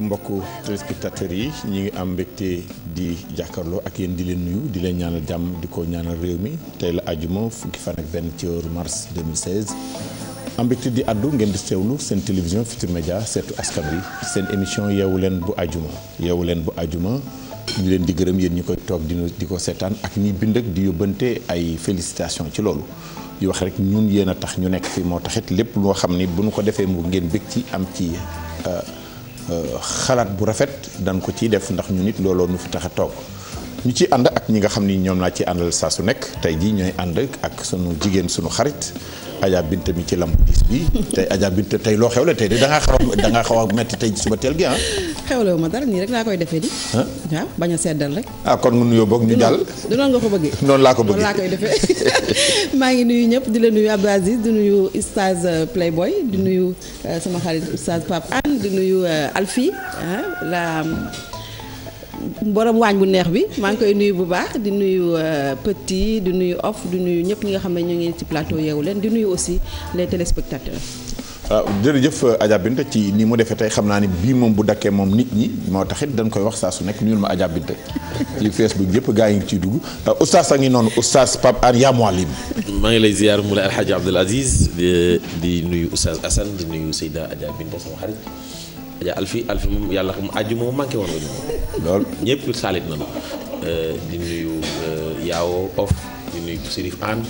mbokku téléspectateurs yi ñu ngi am mbégte di jàkkaarloo ak yéen di leen nuyu di leen ñaanal jàmm di ko ñaanal réew mi tey la àjjuma fukki fan ak benn ci weeru mars 2016. am mbégte di àddu ngeen di sewlu seen télévision Futurs média seetu askan wi seen émission yeewu leen bu àjjuma yeewu leen bu àjjuma. ñu leen di gërëm yéen ñi koy toog di di ko seetaan ak ñi bind ak di yóbbante ay félicitations ci loolu di wax rek ñun yéen a tax ñu nekk fii moo taxit lépp loo xam ni bu ñu ko defee mu ngeen bég ci am ci. Euh, xalaat bu rafet dañ ko ciy def ndax ñu nit looloo nu fi tax a toog ñu ci ànd ak ñi nga xam ni ñoom laa ci àndal saa su nekk tey jii ñooy ànd ak sunu jigéen sunu xarit Adja Binta mi ci lamb dis bi tey Adja Binta tey loo xewle tey de da a da ngaa xaw a metti tey suba teel gi ah. xewlewu ma dara nii rek laa koy defee di. waaw bañ a seddal rek. ah kon mu nuyoo boog ñu jàll. du noonu nga ko bëggee. noonu laa ko bëggee noonu laa koy maa ngi nuyu ñëpp di la nuyu Abdou Aziz di nuyu Oustaz euh, Playboy di nuyu euh, sama xarit Oustaz Pape Anne di nuyu euh, Alfie la. borom waañ bu neex bi maa ngi koy nuyu bu baax di nuyu euh, petit di nuyu off di nuyu ñëpp ñi nga xam ne ñu ngi ci plateau yeewu leen di nuyu aussi les téléspectateurs. waaw jërëjëf euh, Adja Binta ci ni mu defee tey xam naa ni bii moom bu dakkee moom nit ñi moo taxit dañ koy wax saa su nekk nuyul ma Adja Binta ci Facebook yëpp gaa yi ngi ciy dugg a euh, oustaz a ngi noonu oustaz Pape Ar yaa muallim maa ngi lay ziar mu lay Alhaji Abdoul Aziz di nuyu oustaz Assane di nuyu Seyda Adja Binta sama xarit. aja alfi alfi moom yàlla xam aju moom manqué woon nañu lool ñëpp saalit nañu euh, di nuyu euh, yaawo of di nuyu Serif Anne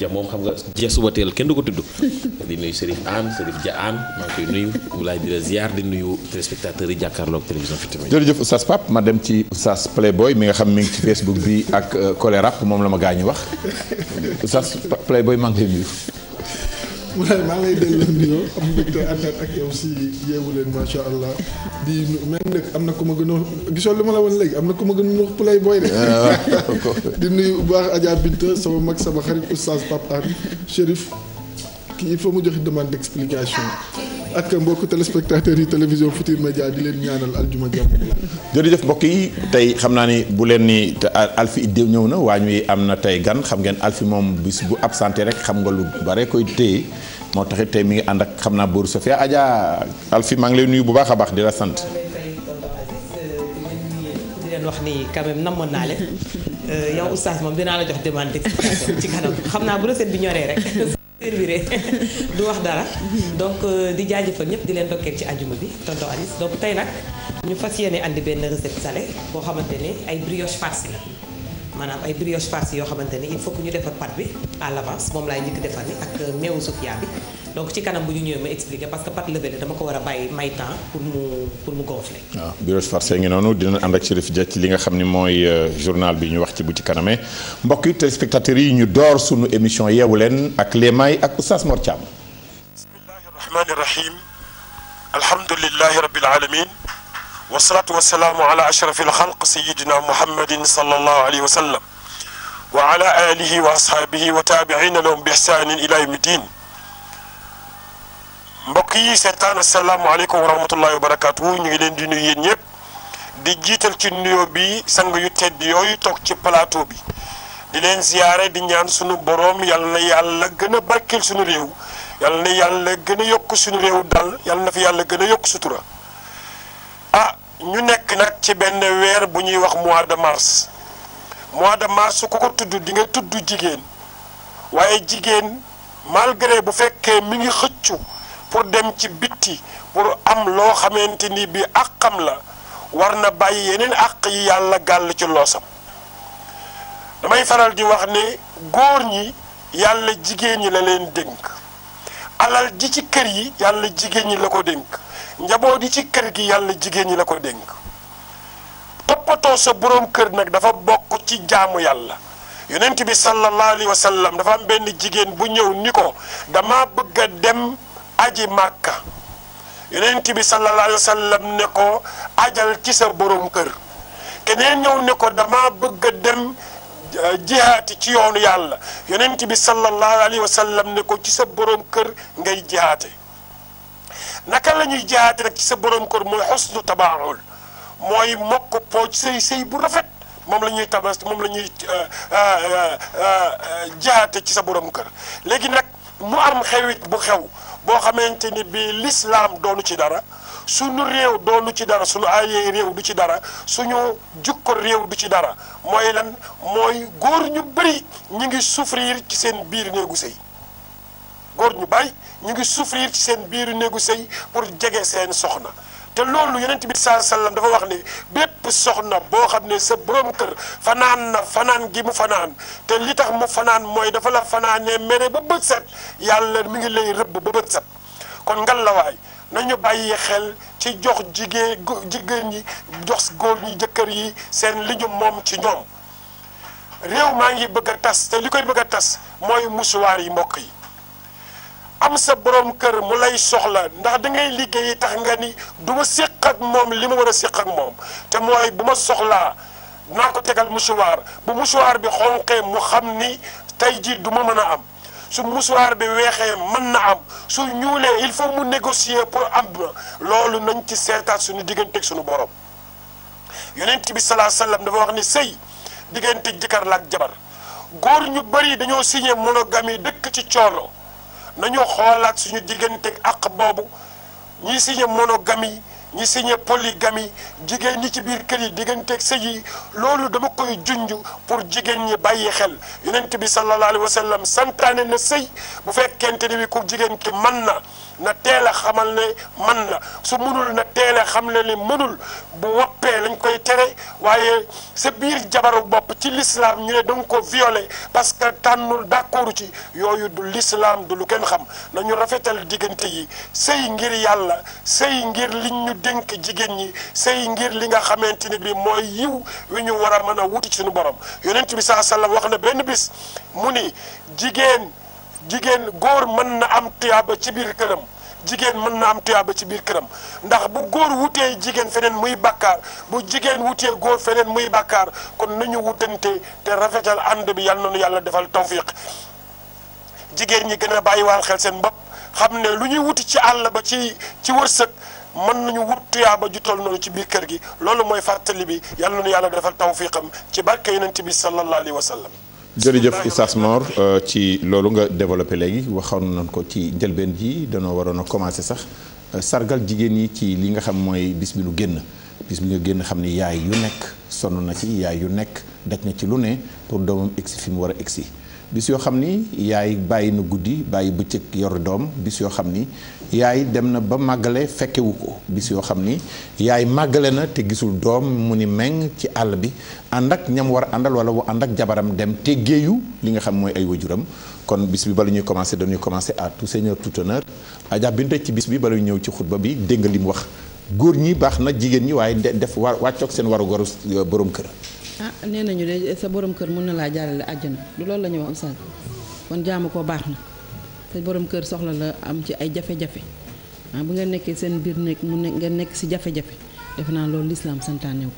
ja moom xam nga ja suba teel kenn du ko tudd di nuyu Serif Anne Serif Ja Anne maa ngi koy nuyu wulaay di la ziar di nuyu téléspectateurs yi jàkkaarloog télévision Futurs Médias jërëjëf Oustaz Pape ma dem ci Oustaz Playboy mi nga xam mi ngi ci Facebook bi ak euh, Colé moom la ma gaañu wax Oustaz Playboy maa ngi nuyu Moulay maa ngi lay delloo nuyoo am mbégte àndaat ak yow si yeewu leen macha allah di mais nag am na ku ma gën a gisoo li ma la woon léegi am na ku ma gën a play boy de. di nuyu bu baax Binta sama mag sama xarit oustaz Pape Anne kii il faut mu joxe demande d'explication. ak mbokku téléspectateurs yi télévision Futur Média di leen ñaanal aljuma jàmm. jërëjëf mbokk yi tey xam naa ni bu leen ni te Alfi it ñëw na waa ñuy am na tey gan xam ngeen Alfi moom bis bu absenté rek xam nga lu bare koy téye moo taxit tey mi ngi ànd ak xam naa Bour Sofia Adja Alfi maa ngi lay nuyu bu baax a baax di la sant. leen wax ni quand namoon naa leen euh, yow oustaz moom dinaa la jox demande ci kanam xam naa bu recette bi ñoree rek serviré du wax dara donc euh, di jaajëfal ñëpp di leen dokkeel ci ajuma bi tonton Alice donc tey nag ñu fas yéene indi benn recette salée boo xamante ne ay brioche farcie la maanaam ay brioche farcie yoo xamante ne il foog ñu defar pâte bi à l'avance moom laay njëkk defar ni ak euh, meewu sufia bi donc ci kanam bu ñu ñëwee ma expliquer parce que pat levé la dama ko war bàyyi may temps pour mu pour mu gonfler. waaw ah, ngi noonu dina ànd ak Chérif ci li nga xam ni mooy euh, journal bi ñu wax ci bu ci kanamee mbokk yi téléspectateurs yi ñu door sunu émission yeewu leen ak les may ak Oustaz Mor Thiam. bismillahi rahmani rahim alhamdulillahi rabbil alamin wasalaatu wasalaamu ala ashrafi alxalq sayidina muhammadin sallallahu alayhi wa sallam wa ala alihi wa ashaabihi wa taabiciina lahum bi ixsaanin ila yawmi ddin mbokk yi seetaan asalaamaaleykum wa rahmatullahi wa barakaatu ñu ngi leen di nuyu yéen ñëpp di jiital ci nuyoo bi sang yu tedd yooyu toog ci plateau bi di leen ziyaare di ñaan sunu boroom yal na yàlla gën a barkeel sunu réew yal na yàlla gën a yokk sunu réew dal yal na fi yàlla gën a yokk sutura ah ñu nekk nag ci benn weer bu ñuy wax mois de mars mois de mars ku ko tudd di nga tudd jigéen waaye jigéen malgré bu fekkee mi ngi xëccu pour dem ci bitti pour am loo xamante ni bi àqam la war na bàyyi yeneen àq yi yàlla gàll ci loosam damay faral di wax ne góor ñi yàlla jigéen ñi la dénk alal ji ci kër yi yàlla jigéen ñi la ko dénk njaboot yi ci kër gi yàlla jigéen ñi la ko dénk toppatoo sa boroom kër nag dafa bokk ci jaamu yàlla yonent bi sallallahu alayhi wa sallam dafa am benn jigéen bu ñëw ni ko dama bëgg dem aji màkka yonent bi sallallahu alayhi wa sallam ne ko ajal ci sa borom kër keneen ñëw ne ko dama bëgg a dem euh, jihaati ci yoonu yàlla yonent bi sallallahu alayhi wa sallam ne ko ci sa borom kër ngay jihaate naka la ñuy jihaate rek ci sa borom kër mooy xusnu tabaarul mooy mokk pooj sëy sëy rafet moom la ñuy tabas moom la ñuy euh, euh, ci sa borom kër léegi nag mu am xewit bu xew boo xamante ni bii lislaam doonu ci dara suñu réew doonu ci dara suñu ayee réew du ci dara suñu jukko réew du ci dara mooy lan mooy góor ñu bari ñu ngi souffrir ci seen biir néegu sëy góor ñu bàyyi ñu ngi souffrir ci seen biiru néegu sëy pour jege seen soxna te loolu yonent bi saa sallam dafa wax ni bépp soxna boo xam ne sa borom kër fanaan na fanaan gi mu fanaan te li tax mu fanaan mooy dafa la fanaanee mere ba bët set yàlla mi ngi lay rëbb ba bët set kon ngallaawaay nañu bàyyi xel ci jox jigéen jigéen ñi jox góor ñi jëkkër yi seen li ñu moom ci ñoom réew maa ngi bëgg a tas te li koy bëgg a tas mooy musuwaar yi mbokk yi. am sa borom kër mu lay soxla ndax da ngay liggéey tax nga ni duma ma séq ak moom li ma war a séq ak moom te mooy bu ma soxlaa naa ko tegal musuwaar bu musuwaar bi xonqee mu xam ni tey jii du ma mën a am su musuwaar bi weexee mën na am su ñuulee il faut mu négocier pour am loolu nañ ci seetaat suñu digganteeg suñu borom yonent bi salaa sallam dafa wax ni sëy diggante jëkkër la ak jabar góor ñu bari dañoo signé monogamie dëkk ci coono. nañu xoolaat suñu digganteeg àq boobu ñi signé monogamie ñi signé polygamie jigéen ñi ci biir kër yi digganteeg sëy yi loolu dama koy junj pour jigéen ñi bàyyi xel yonent bi sallallahu alayhi wa sallam santaane na sëy bu fekkente ni bi ku jigéen ki mën na na teel a xamal ne man na su mënul na teel a xam ne li mënul bu woppee lañ koy tere waaye sa biir jabaru bopp ci l'islam ñu ne danga ko violé parce que tànnul d'accord ci yooyu du lislaam du lu kenn xam nañu rafetal diggante yi sëy ngir yàlla sëy ngir liñu ñu dénk jigéen ñi sëy ngir li nga xamante ni bi mooy yiw wi ñu war mën a wuti ci suñu borom yonent bi saa sallam wax na benn bis mu ni jigéen jigéen góor mën na am tuyaaba ci biir këram jigéen mën na am tuyaaba ci biir këram ndax bu góor wutee jigéen feneen muy bàkkaar bu jigéen wutee góor feneen muy bàkkaar kon nañu wutante te rafetal ànd bi yàlla na nu yàlla defal tawfiq jigéen ñi gën a bàyyiwaal xel seen bopp xam ne lu ñuy wuti ci àll ba ci ci wërsëg mën nañu wut tuyaaba ju toll noonu ci biir kër gi loolu mooy fàttali bi yàlla na nu yàlla defal tawfiqam ci barke yonent bi sallallahu alayhi wa sallam jërëjëf Issa Mor euh, ci loolu nga développé léegi waxoon nañ ko ci njëlbeen ji danoo waroon a commencé sax euh, sargal jigéen ñi ci li nga xam mooy bis bi nu génn bis bi nga génn xam ni yaay yu nekk sonn na ci yaay yu nekk daj na ci lu ne pour doomam egsi fi mu war a egsi bis yoo xam ni yaay bàyyi na guddi bàyyi bëccëg yor doom bis yoo xam ni yaay dem na ba màggale fekkewu ko bis yoo xam ni yaay màggale na te gisul doom mu ni meng ci àll bi ànd ak ñam war a àndal wala bu ànd ak jabaram dem teggeeyu li nga xam mooy ay wajuram kon bis bi bala ñuy commencé dañuy commencé à tout seigneur tout honneur Adja Binta ci bis bi bala ñëw ci xutba bi dégg nga li mu wax góor ñi baax na jigéen ñi waaye def wa wàccoog seen waru goru euh, borom kër. ah nee nañu de sa borom kër mun na laa jàllale àjjana du loolu la ñu wax kon jaamu baax na. sa borom kër soxla la am ci ay jafe-jafe ah bu nga nekkee seen biir néeg mu ne nga nekk si jafe-jafe defe naa loolu lislaam santaane ko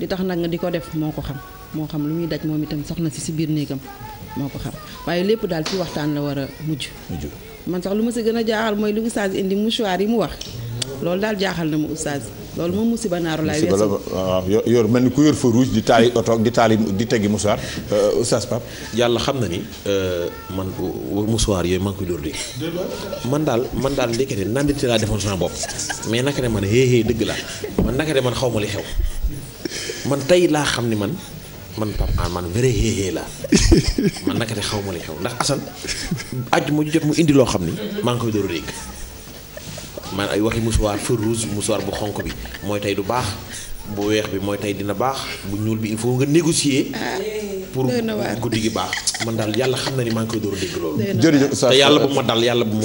di tax nag nga di ko def moo ko xam moo xam lu muy daj moom itam soxna si si biir néegam moo ko xam waaye lépp daal ci waxtaan la war a mujj man sax lu ma si gën a jaaxal mooy lu ustaas indi mouchoir yi mu wax loolu daal jaaxal na ma ustaas loolu moom musiba naaru laay weesu waaw yor mel ni ku yor fa rouge di taali oto di taali di teggi musuwaar euh, oustaz Pape yàlla xam na ni euh, man euh, musuwaar yooyu man ko dóor di man daal man daal ndekete nandite laa defoon sama bopp mais naka ne man héehée dëgg la man naka ne man xaw ma li xew man tey laa xam ni man man Pape man vrai héehée laa man naka ne xaw ma li xew ndax Assane àjjuma ju jot mu indi loo xam ni maa ngi koy dóor dégg man ay waxi musuwaar feu rouge musuwaar bu xonk bi mooy tey du baax bu weex bi mooy tey dina baax bu ñuul bi il faut nga négocier. pour guddi gi baax. man daal yàlla xam na ni maa ngi koy door a dégg loolu. jërëjëf yàlla bu dal yàlla bu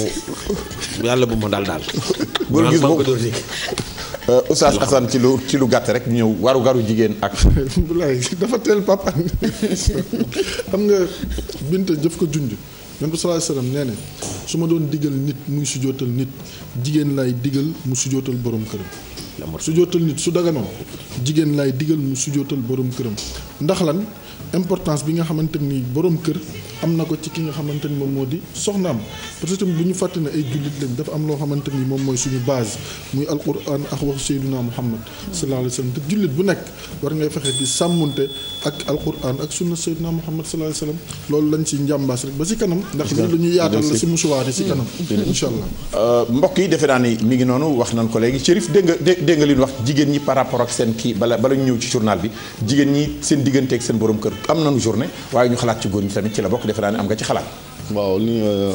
yàlla bu ma dal daal. góor gis moom euh, Oustaz ci lu ci lu gàtt rek ñëw waru garu jigéen ak. dafa teel papa xam nga Binta jëf ko junj. même bi sallallahu alayhi nee ne su ma doon digal nit muy sujootal nit jigéen laay digal mu sujootal borom këram. su jootal nit su daganoon jigéen laay digal mu sujootal boroom këram ndax lan. importance bi nga xamante ni borom kër am na ko ci ki nga xamante ni moom moo di soxnaam parce que tamit bu ñu fàtte ne ay jullit lañ dafa am loo xamante ni moom mooy suñu base muy alquran ak wax sayduna muhammad sallallahu alayhi wa sallam te jullit bu nekk war ngay fexe di sàmmunte ak alquran ak sunna sayduna muhammad sallallahu alayhi wa sallam loolu lañ ci njàmbaas rek ba si kanam ndax lii la ñu yaatal la si musuwaar yi si kanam incha allah euh, mbokk yi defe naa ni mi ngi noonu wax nañ ko léegi Chérif dégg nga dégg nga jigéen ñi par rapport ak seen kii bala bala ñu ñëw ci journal bi jigéen ñi seen digganteeg seen borom kër am nañu journée waaye ñu xalaat ci góor ñi tamit ci la bokk defe naa am nga ci xalaat. waaw li euh,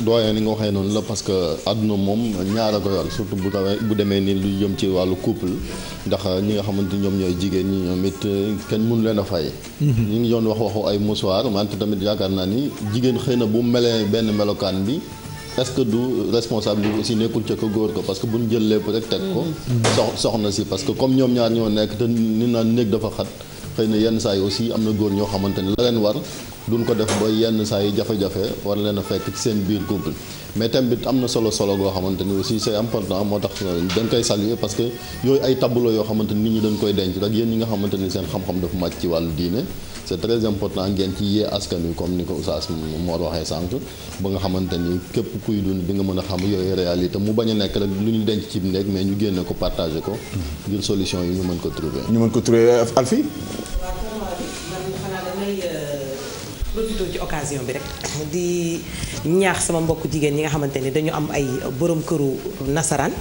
doyen ni nga waxee noonu la parce que àdduna moom ñaar a ko yor surtout bu tawee bu demee ni lu jëm ci wàllu couple ndax euh, ñi nga xamante ñoom ñooy jigéen ñi ñoom it euh, kenn mënu leen a fay. Mhm. ñu ngi doon wax waxu ay mosuwaar wante tamit yaakaar naa ni jigéen xëy na bu melee benn melokaan bi. est-ce que du responsable bi aussi nekkul ca ko góor ko parce que bu ñu jël lépp rek teg ko mhm. soxna si parce que comme ñoom ñaar ñoo nekk te ni naan néeg dafa xat xëy na yenn saa yi aussi am na góor ñoo xamante ne la leen war duñ ko def ba yenn saa yi jafe-jafe war leen a fekk seen biir couple mais tamit am na solo solo goo xamante ni aussi c'est important moo tax dañ koy saluer parce que yooyu ay tableau yoo xamante ni nit ñi dañ koy denc rek yéen ñi nga xamante ni seen xam-xam dafa màcc ci wàllu diine c'est très important ngeen ci yee askan comme ni ko Oustaz Mor waxee sànq ba nga xamante képp kuy dund bi nga mën a xam yooyu réalité mu bañ a nekk rek lu ñu denc ci nekk mais ñu génne ko partagé ko ngir solution yi ñu mën ko trouver. ñu ko trouver profité ci occasion bi rek di ñaax sama mbokk jigéen ñi nga xamante ni dañu am ay borom këru nasaraan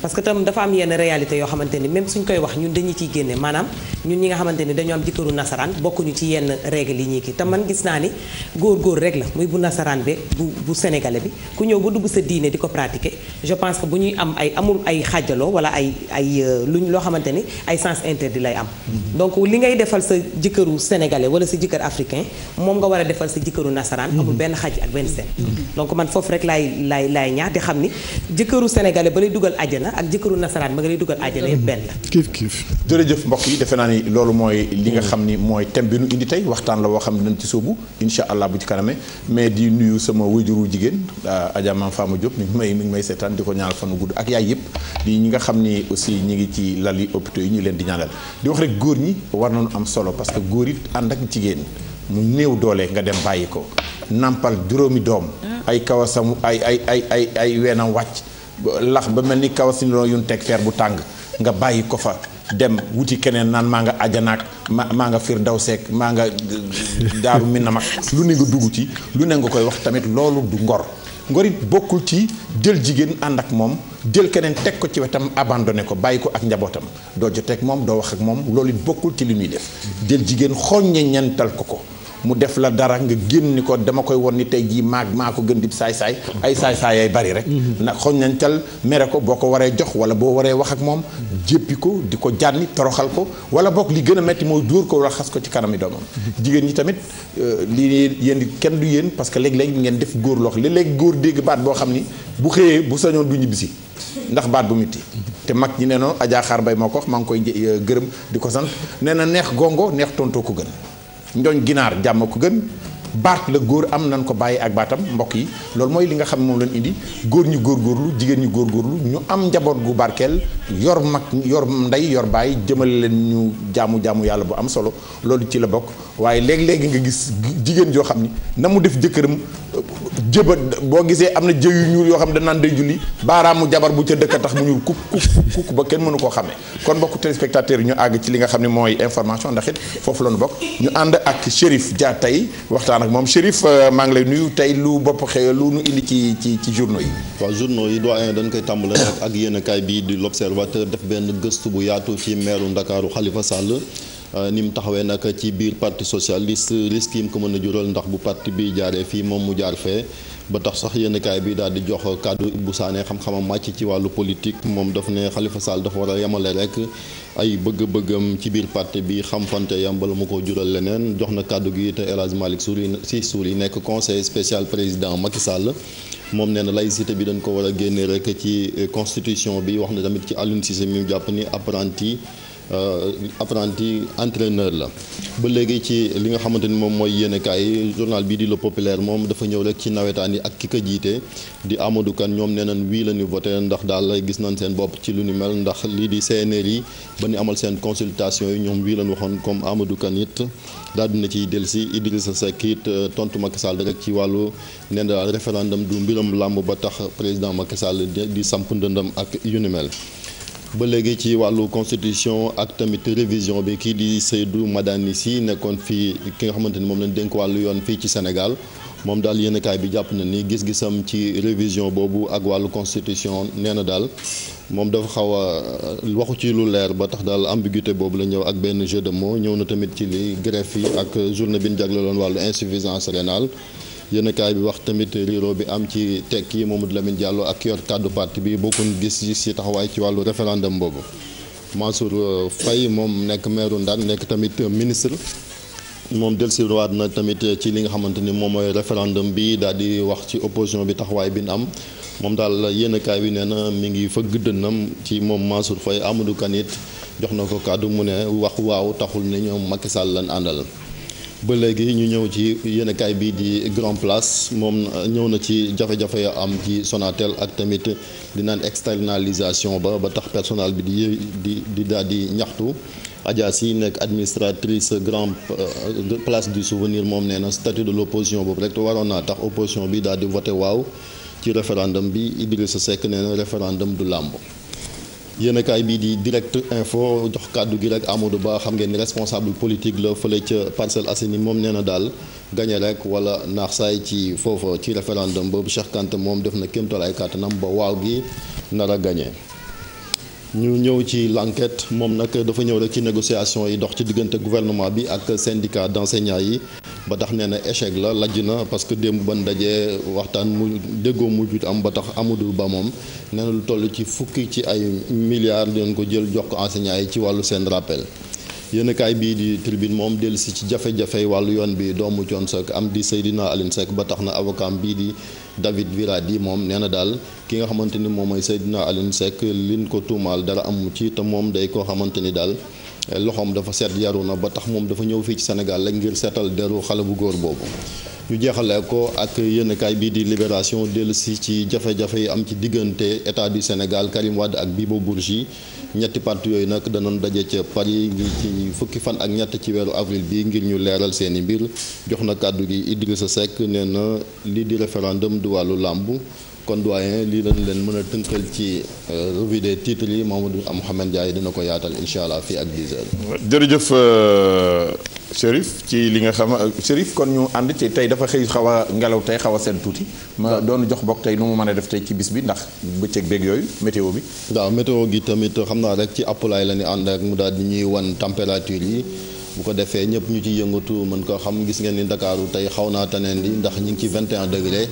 parce que tam dafa am yenn réalité yoo xamante ni même suñ koy wax ñun dañu ciy génne maanaam ñun ñi nga xamante ni dañoo am jëkkëru nasaraan bokkuñu ci yenn règle yi ñuy kii te man gis naa ni góor góor rek la muy bu nasaraan bi bu bu sénégalais bi ku ñëw ba dugg sa diine di ko pratiquer je pense bu ñuy am ay amul ay xaajaloo wala ay ay euh, luñ loo xamante ni ay sens interdit lay am mm-hmm. donc li ngay defal sa jëkkëru sénégalais wala sa jëkkër africain moom nga war a defal sa jëkkëru nasaraan amul mm-hmm. benn xaj ak benn seen mm-hmm. donc man foofu rek laay laay laay xam ni jëkkëru sénégalais ba lay dugal àjjana àjjana ak jëkkëru nasaraan ma nga lay dugal àjjana yëpp benn la. kiif kiif. jërëjëf mbokk yi defe naa ni loolu mooy li nga xam ni mooy tem bi nu indi tey waxtaan la woo xam ne dañ ci sóobu incha allah bu ci kaname mais di nuyu sama wajuru jigéen euh, Adja Mame Fama Diop mi ngi may mi ngi may seetaan di ko ñaanal fanu gudd ak yaay yëpp di ñi nga xam ni aussi ñi ngi ci lali hôpitaux yi ñu leen di ñaanal di wax rek góor ñi war nañu am solo parce que góor it ànd ak jigéen mu néew doole nga dem bàyyi ko nampal juróomi doom ah. ay kawasam ay ay ay ay ay weenam wàcc lax ba mel ni yu yuñ teg feer bu tàng nga bàyyi ko fa dem wuti keneen naan maa nga àjjanaak ma maa nga fir daw seek maa nga euh, daaru mi na mag lu ne nga dugg ci lu ne nga koy wax tamit loolu du ngor ngor it bokkul ci jël jigéen ànd ak moom jël keneen teg ko ci wetam abandonné ko bàyyi ko ak njabootam doo joteeg moom doo wax ak moom loolu bokkul ci lu muy def jël jigéen xooññe ñental ko ko mu def la dara nga génn ni ko dama koy won ni tey jii maag maa ko gën di saay-saay ay saay-saay ay bari rek mhm. na xoñ nañ tal mere ko boo ko waree jox wala boo waree wax ak moom jéppi ko di ko jànni toroxal ko wala boog li gën a metti moo dóor ko wala xas ko ci kanami doomam mhm. jigéen ñi tamit euh, lii yéen kenn du yéen parce que léeg-léeg ngeen def góor li léegi góor dégg baat boo xam ni bu xëyee bu sañoon du ñibbisi ndax baat bu mitti te mag ñi ne noonu Adja Xaar Mbay moo ko wax maa ngi koy euh, gërëm di ko sant nee na neex gongo neex tontoo ko gën ñooñ ginaar jàmm ko gën baat la góor am nan ko bàyyi ak baatam mbokk yi loolu mooy li nga xam ne moom lañ indi góor ñu góorgóorlu jigéen ñu góorgóorlu ñu am njaboot gu barkeel yor mag yor ndey yor bàyyi jëmale leen ñu jaamu jaamu yàlla bu am solo loolu ci la bokk waaye léeg-léegi nga gis jigéen joo xam ni na mu def jëkkëram jëba boo gisee am na jë yu yoo xam ne danaan day julli baaraamu jabar bu ca dëkk tax mu ñuul kuk kuk ba kenn mënu koo xamee kon mbokk téléspectateur yi ñu àgg ci li nga xam ne mooy information ndax foofu la ñu bokk ñu ànd ak Chérif Dia tey waxtaan waxtaan moom Chérif euh, maa ngi lay nuyu tey lu bopp xëy lu nu indi ci ci ci journaux yi. waa journaux yi doyen dañ koy tàmbale ak yéen kaay bii di l'observateur def benn gëstu bu yaatu ci meeru Ndakaaru Khalifa Sall. Euh, ni mu taxawee nag ci biir parti socialiste risque yi mu ko mën a jural ndax bu parti bi jaaree fii moom mu jaar fee ba tax sax yenn kaay bi daal di jox kàddu bu saanee xam-xamam màcc ci wàllu politique moom daf ne xalifa Sall dafa war a yemale rek ay bëgg-bëggam ci biir parti bi xam fante yam bala mu ko jural leneen jox na kàddu gi te El Hadj Malick Sy Souly nekk conseil spécial président Macky Sall moom nee na laïcité bi dañ ko war a génne rek ci constitution bi wax na tamit ci Aliou Cissé mi jàpp ni apprenti Euh, apprenti entraîneur la ba léegi ci li nga xamante ni moom mooy yéenekaay yi journal bii di la Populaire moom dafa ñëw rek ci nawetaan yi ak ki ko jiite di Amadou Kane ñoom nee nañ wii la ñu voté ndax daal gis nañ seen bopp ci lu ni mel ndax lii di CNR yi ba ñu amal seen consultation yi ñoom wii la waxoon comme Amadou Kane it daal dina ciy dellusi Idrissa sa it tontu Macky Sall rek ci wàllu nee na daal référendum du mbiram làmb ba tax président Macky Sall di samp ndëndam ak yu ba léegi ci wàllu constitution ak tamit révision bi kii di Seydou Madani Sy nekkoon fii ki nga xamante ni moom lañ dénk wàllu yoon fii ci Sénégal moom daal yéenekaay bi jàpp na ni gis-gisam ci révision boobu ak wàllu constitution nee na daal moom dafa xaw a waxu ci lu leer ba tax daal ambiguïté boobu la ñëw ak benn jeu de mots ñëw na tamit ci li greffe yi ak journée bi ñu jagleloon wàllu insuffisance rénale yéenekaay bi wax tamit riiroo bi am ci yi tekki Mamadou Lamine Diallo ak yor kàddu parti bi bokkun gis-gis yi taxawaay ci wàllu référendum boobu Mansour euh, Faye moom nekk maire Ndar nekk tamit euh, ministre moom dellusiwaat na tamit euh, ci li nga xamante ni moom mooy référendum bi daal di wax ci opposition bi taxawaay bi ñu am moom daal yéenekaay bi nee na mi ngi fëgg dënnam ci moom Mansour Faye Amadou Kanit jox na ko kàddu mu ne wax waaw taxul ne ñoom Macky Sall lan àndal. ba léegi ñu ñëw ci yéenekaay bi di Grand Place moom ñëw na ci jafe-jafe am ci Sonatel ak tamit di naan externalisation ba ba tax personal bi di di di daal di ñaxtu Adja Sy nekk administratrice Grand euh, Place du Souvenir moom nee na statut de l'opposition boobu rek waroon naa tax opposition bi daal di voté waaw ci référendum bi Idrissa Seck nee na référendum du làmb yéen kaay bii di direct info jox kàddu gi rek Amadou Ba xam ngeen ni responsable politique la fële ca Parcelles Assainies moom neena daal gañe rek wala naax saay ci foofa ci référendum boobu Cheikh Kanté moom def na kéemtalaay kàttanam ba waaw gi nar a gañe ñu ñëw ci l'enquête moom nag dafa ñëw rek ci négociation yi dox ci diggante gouvernement bi ak syndicat d'enseignants yi ba tax nee na échec la lajj na parce que démb ban dajee waxtaan mu déggoo mujjut am ba tax Amadou Ba moom nee lu toll ci fukki ci ay milliards leen ko jël jox ko enseignants yi ci wàllu seen rappel yéen kaay bii di tribune moom dellu si ci jafe-jafe wàllu yoon bi doomu Thione Seck am di Seydina Alioune Seck ba tax na avocat bii di David Viradi moom nee na daal ki nga xamante ni moom mooy Seydina Alioune Seck liñ ko tuumaal dara amu ci te moom day koo xamante ni daal. loxoom dafa seet yaru na ba tax moom dafa ñëw fii ci senegal lañ ngir seetal deru xale bu góor boobu ñu jeexale ko ak yéenekaay bii di Libération dellusi ci jafe-jafe yi am ci diggante état du Sénégal Karim Wade ak Bibo Bourgi ñetti parti yooyu nag danoon daje ca Paris ci fukki fan ak ñett ci weeru avril bi ngir ñu leeral seeni mbir jox na kàddu gi Idrissa Seck nee na lii di référendum du wàllu làmb kon doyen lii lañ leen mën a tënkal ci euh, revue des titres yi Mamadou Mouhamed Ndiaye dina ko yaatal incha allah fii ak 10 heures. jërëjëf euh, Chérif ci li nga xam euh, Chérif kon ñu ànd ci tey dafa xëy xaw a ngelaw tey xaw a seen tuuti. ma doon jox bokk tey nu mu mën a def tey ci bis bi ndax bëccëg beeg yooyu météo bi. waaw météo gi tamit xam naa rek ci appalaay la ñu ànd ak mu daal di ñuy wan température yi. bu ko defee ñëpp ñu ci yëngatu mën ko xam gis ngeen ni ndakaaru tey xaw naa taneen di ndax ñu ngi ci 21 degré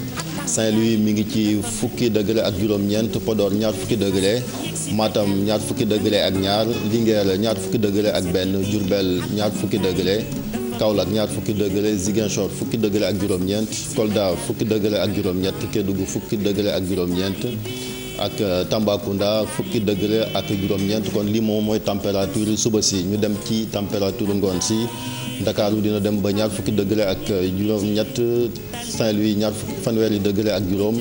Saint-Louis mi ngi ci fukki degré ak juróom-ñeent Podor ñaar fukki degré maatam ñaar fukki degré ak ñaar Linguère ñaar fukki degré ak benn Diourbel ñaar fukki degré Kaolack ñaar fukki degré Ziguinchor fukki degré ak juróom-ñeent Kolda fukki degré ak juróom-ñett Kédougou fukki degré ak juróom-ñeent ak euh, Tambacounda fukki degré ak juróom-ñeent kon lii moom mooy température suba si ñu dem ci température ngoon si Ndakaaru dina dem ba ñaar fukki degré ak euh, juróom-ñett Saint-Louis ñaar fukki fanweeri degré ak juróom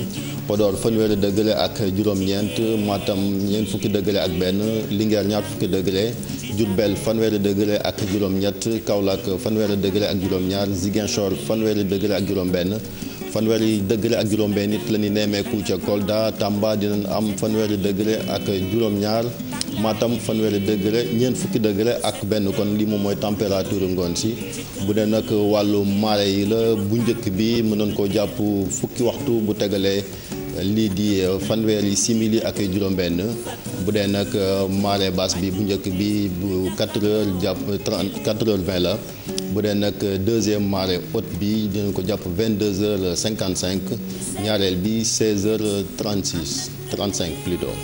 Podor fanweeri degré ak juróom-ñeent Matam fukki degré ak benn Linguère ñaar fukki degré Diourbel fanweeri degré ak juróom-ñett Kaolack fanweeri degré ak juróom-ñaar Ziguinchor fanweeri degré ak juróom-benn. fanweeri degré ak juróom-benn nit la ñu nemmeeku ca Kolda Tamba dinañ am fanweeri degré ak juróom-ñaar Matam fanweeri degré ñeent fukki degré ak benn kon li moom mooy température ngoon si bu dee nag wàllu mare yi la bu njëkk bi mënoon koo jàpp fukki waxtu bu tegalee. lii di euh, fanweeri simili ak juróom-benn bu dee nag euh, marée basse bi bu njëkk bi bu 4 heures jàpp 30 4 heures la bu dee nag euh, deuxième marée haute bi dinañ ko jàpp 22 heures 55 ñaareel bi 16 heures 36 35 plutôt.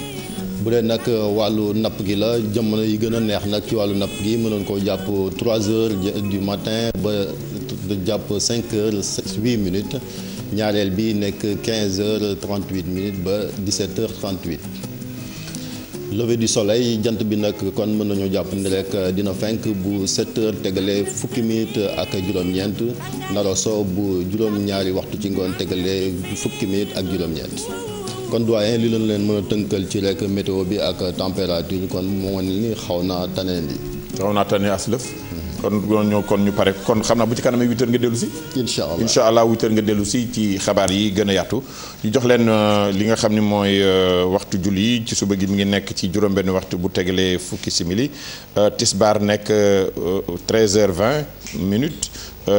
bu dee nag wàllu napp gi la jamono yi gën a neex nag ci wàllu napp gi mënoon koo jàpp 3 heures du matin ba jàpp 5 heures 8 minutes. ñaareel bi nekk 15 heures 38 minutes ba 17 heures 38 lever du soleil jant bi nag kon mën nañu jàpp ni rek dina fenk bu 7 heures tegale fukki minutes ak juróom-ñeent nara soo bu juróom-ñaari waxtu ci ngoon tegale fukki minutes ak juróom-ñeent. kon doyen li lañ leen mën a tënkal ci rek météo bi ak température kon moo ni xaw naa tane yi xaw naa tane aslëf kon ñoo kon ñu pare kon xam naa bu ci kanamee huit heures nga dellu si. incha allah incha allah huit heures nga dellu si ci xabaar yi gën a yaatu. ñu jox leen euh, li nga xam ni mooy euh, waxtu julli yi ci suba gi mi ngi nekk ci juróom-benn waxtu bu tegalee fukki simili euh, tisbaar nekk treize heures vingt minutes.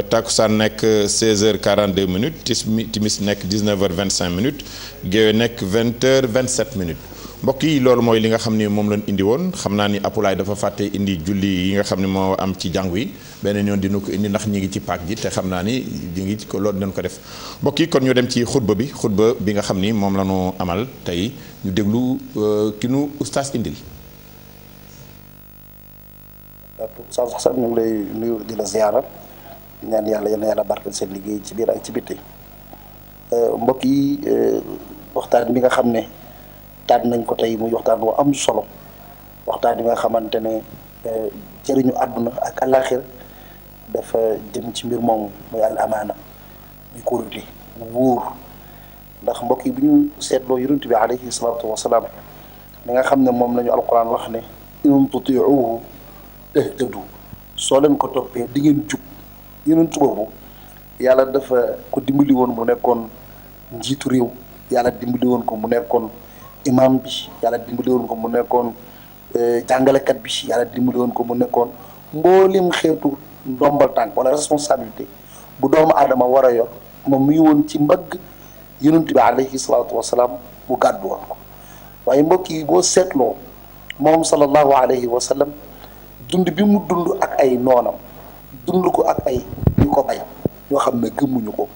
Takusaan nekk 16h42 minutes timis nekk 19h25 minutes Géewe nekk 20h27 minutes. mbokk yi loolu mooy li nga xam ni moom lañ indi woon xam naa ni Apulaay dafa fàtte indi julli yi nga xam ne moo am ci jàngu yi beneen yoon dina ko indi ndax ñi ngi ci paak ji te xam naa ni ñi ngi ko loolu dañ ko def mbokk yi kon ñu dem ci xutba bi xutba bi nga xam ni moom la ñu amal tey ñu déglu euh, ki nu ustaas indil. saa sax ñu ngi lay yàlla yal na yàlla barkal seen liggéey ci biir ak ci bitti euh, mbokk yi euh, waxtaan bi nga xam ne. waxtaan nañ ko tey muy waxtaan bu am solo waxtaan yi nga xamante ne euh, jëriñu àdduna ak àllaaxir dafa jëm ci mbir moomu muy al ñu muy kóolute mu wóor ndax mbokk yi bu ñu seetloo yonent bi alayhi salaatu wasalaam li nga xam ne moom lañu ñu alquran wax ne in tutiuhu tahtadu soo leen ko toppee di ngeen jub yonent boobu yàlla dafa ko dimbali woon mu nekkoon njiitu réew yàlla dimbali woon ko mu nekkoon imam bi yàlla dimbali woon ko mu nekkoon eh, jàngalekat bi yàlla dimbali woon ko mu nekkoon mboolim xeetu ndombal tànk wala responsabilité bu doomu aadama war a yor moom muy woon ci mbagg yonent bi alayhi salaatu wasalaam mu gàddu waaye mbokk yi boo seetloo moom sallallahu alayhi wa sallam dund bi mu dund ak ay noonam dund ko ak ay ñu ko bay ñoo xam ne gëmmuñu ko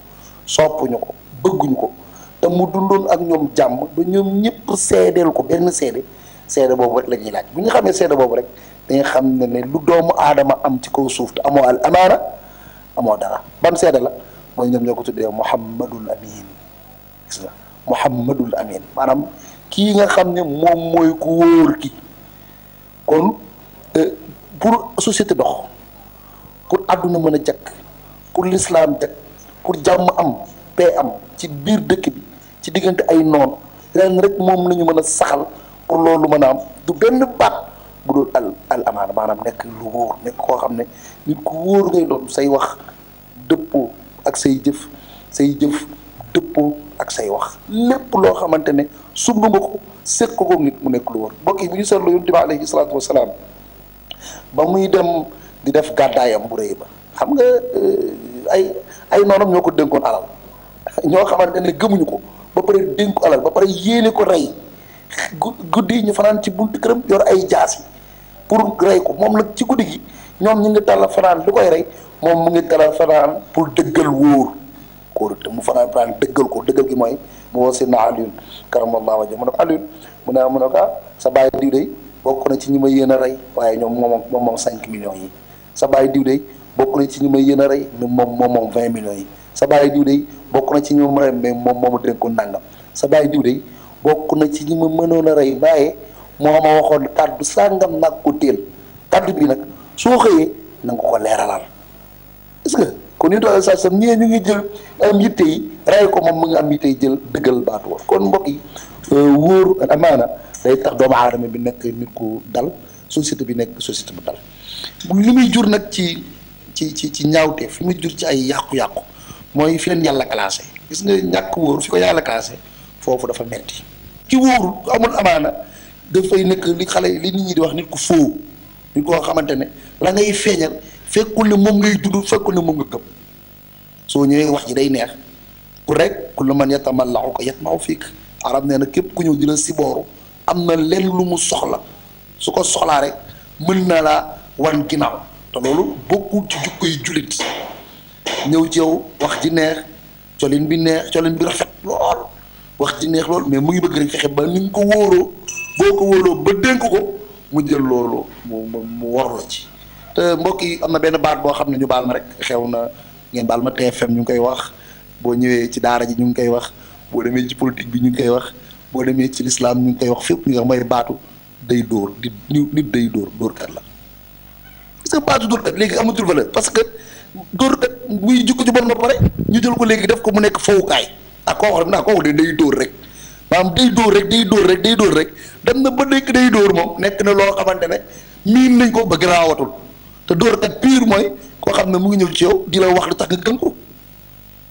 soppuñu ko bëgguñu ko te mu dul doon ak ñoom jàmm ba ñoom ñëpp seedeel ko benn seede seede boobu rek la ñuy laaj bu ñu xamee seede boobu rek dañuy xam ne ne lu doomu aadama am ci kaw suuf te amoon al amaana amoo dara ban seede la mooy ñoom ñoo ko tuddee Muhammadul Amin gis nga Muhammadul Amin maanaam kii nga xam ne moom mooy ku wóor ki kon euh, pour société dox pour àdduna mën a jakk pour l'islam jakk pour jàmm am paix am ci biir dëkk bi ci diggante ay noonu ren rek moom la ñu mën a saxal pour loolu mën a am du benn baat bu dul al amaana maanaam nekk lu wóor nekk koo xam ne nit ku wóor ngay doon say wax dëppoo ak say jëf say jëf dëppoo ak say wax lépp loo xamante ne sumb nga ko séq ko nit mu nekk lu wóor mbokk yi bu ñu seetloo yonent bi alayhi salaatu wasalaam ba muy dem di def gàddaayam bu rëy ba xam nga euh, ay ay noonam ñoo ko dénkoon alal ñoo xamante ne gëmuñu ko ba pare dénk ko alal ba pare yéene ko rey guddi ñu fanaan ci buntu këram yor ay jaas yi pour rey ko moom nag ci guddi gi ñoom ñu ngi talla fanaan lu koy rey moom mu ngi talla fanaan pour dëggal wóor kóor te mu fanaan fanaan dëggal ko dëggal gi mooy mu woo seen Alioune karamallahu wajhahu mu ne ko Alioune mu ne mu ne ko ah, sa baay diw de bokk na ci ñi ma yéen a rey waaye ñoom moom moom cinq millions yi sa bàyyi diw bokk na ci ñu may yéen a rey mais moom moom moom vingt millions yi sa de bokk na ci ñu ma rey mais moom moomu dénkoon nangam sa bàyyi diw de bokk na ci ñi ma mënoon a rey waaye moo ma waxoon kàddu sàngam nag ko teel kàddu bi nag soo xëyee na nga ko leeralal est que kon ñu doon sax sam ñee ngi jël am yitte yi rey ko moom mu ngi am yitte yi jël dëggal baatu wax kon mbokk yi euh, wóor amaana day tax doomu aadama bi nekk nit ku dal société bi nekk société bu dal li muy jur nag ci ci ci ci ñaawteef li muy jur ci ay yàqu-yàqu mooy fi leen yàlla classé gis nga ñàkk wóor fi ko yàlla classé foofu dafa metti ki wóorul ku amul amaana dafay nekk li xale li nit ñi di wax nit ku fóow nit koo xamante ne la ngay feeñal fekkul ne moom ngay dund fekkul ne moom nga soo ñëwee wax ji day neex ku rek ku lu man yatamal laxu ko yat maaw fiik arab nee na képp ku ñëw dina si booru am na lenn lu mu soxla su ko soxlaa rek mën na laa wan ginnaaw loolu bokkul ci jukko yu jullit ñëw ci yow wax ji neex colin bi neex colin bi rafet lool wax ji neex lool mais mu ngi bëgg rek fexe ba ni nga ko wóoroo boo ko wóoroo ba dénk ko mu jël loolu mu mu war la ci te mbokk yi am na benn baat boo xam ne ñu baal ma rek xew na ngeen baal ma TFM ñu ngi koy wax boo ñëwee ci daara ji ñu ngi koy wax boo demee ci politique bi ñu ngi koy wax boo demee ci lislaam ñu ngi koy wax fépp ñu nga mooy baatu day dóor di nit day dóor dóorkat gis nga baatu dóor kat léegi amatul valeur parce que dóor kat muy jikko ju bon ba pare ñu jël ko léegi def ko mu nekk fowukaay ah koo xam naa kooku de day dóor rek maanaam day dóor rek day dóor rek dóor rek dem na ba nekk day dóor moom nekk na loo xamante ne miin nañ ko ba garaawatul te dóor kat pire mooy koo xam ne mu ngi ñëw ci yow di la wax lu tax nga ko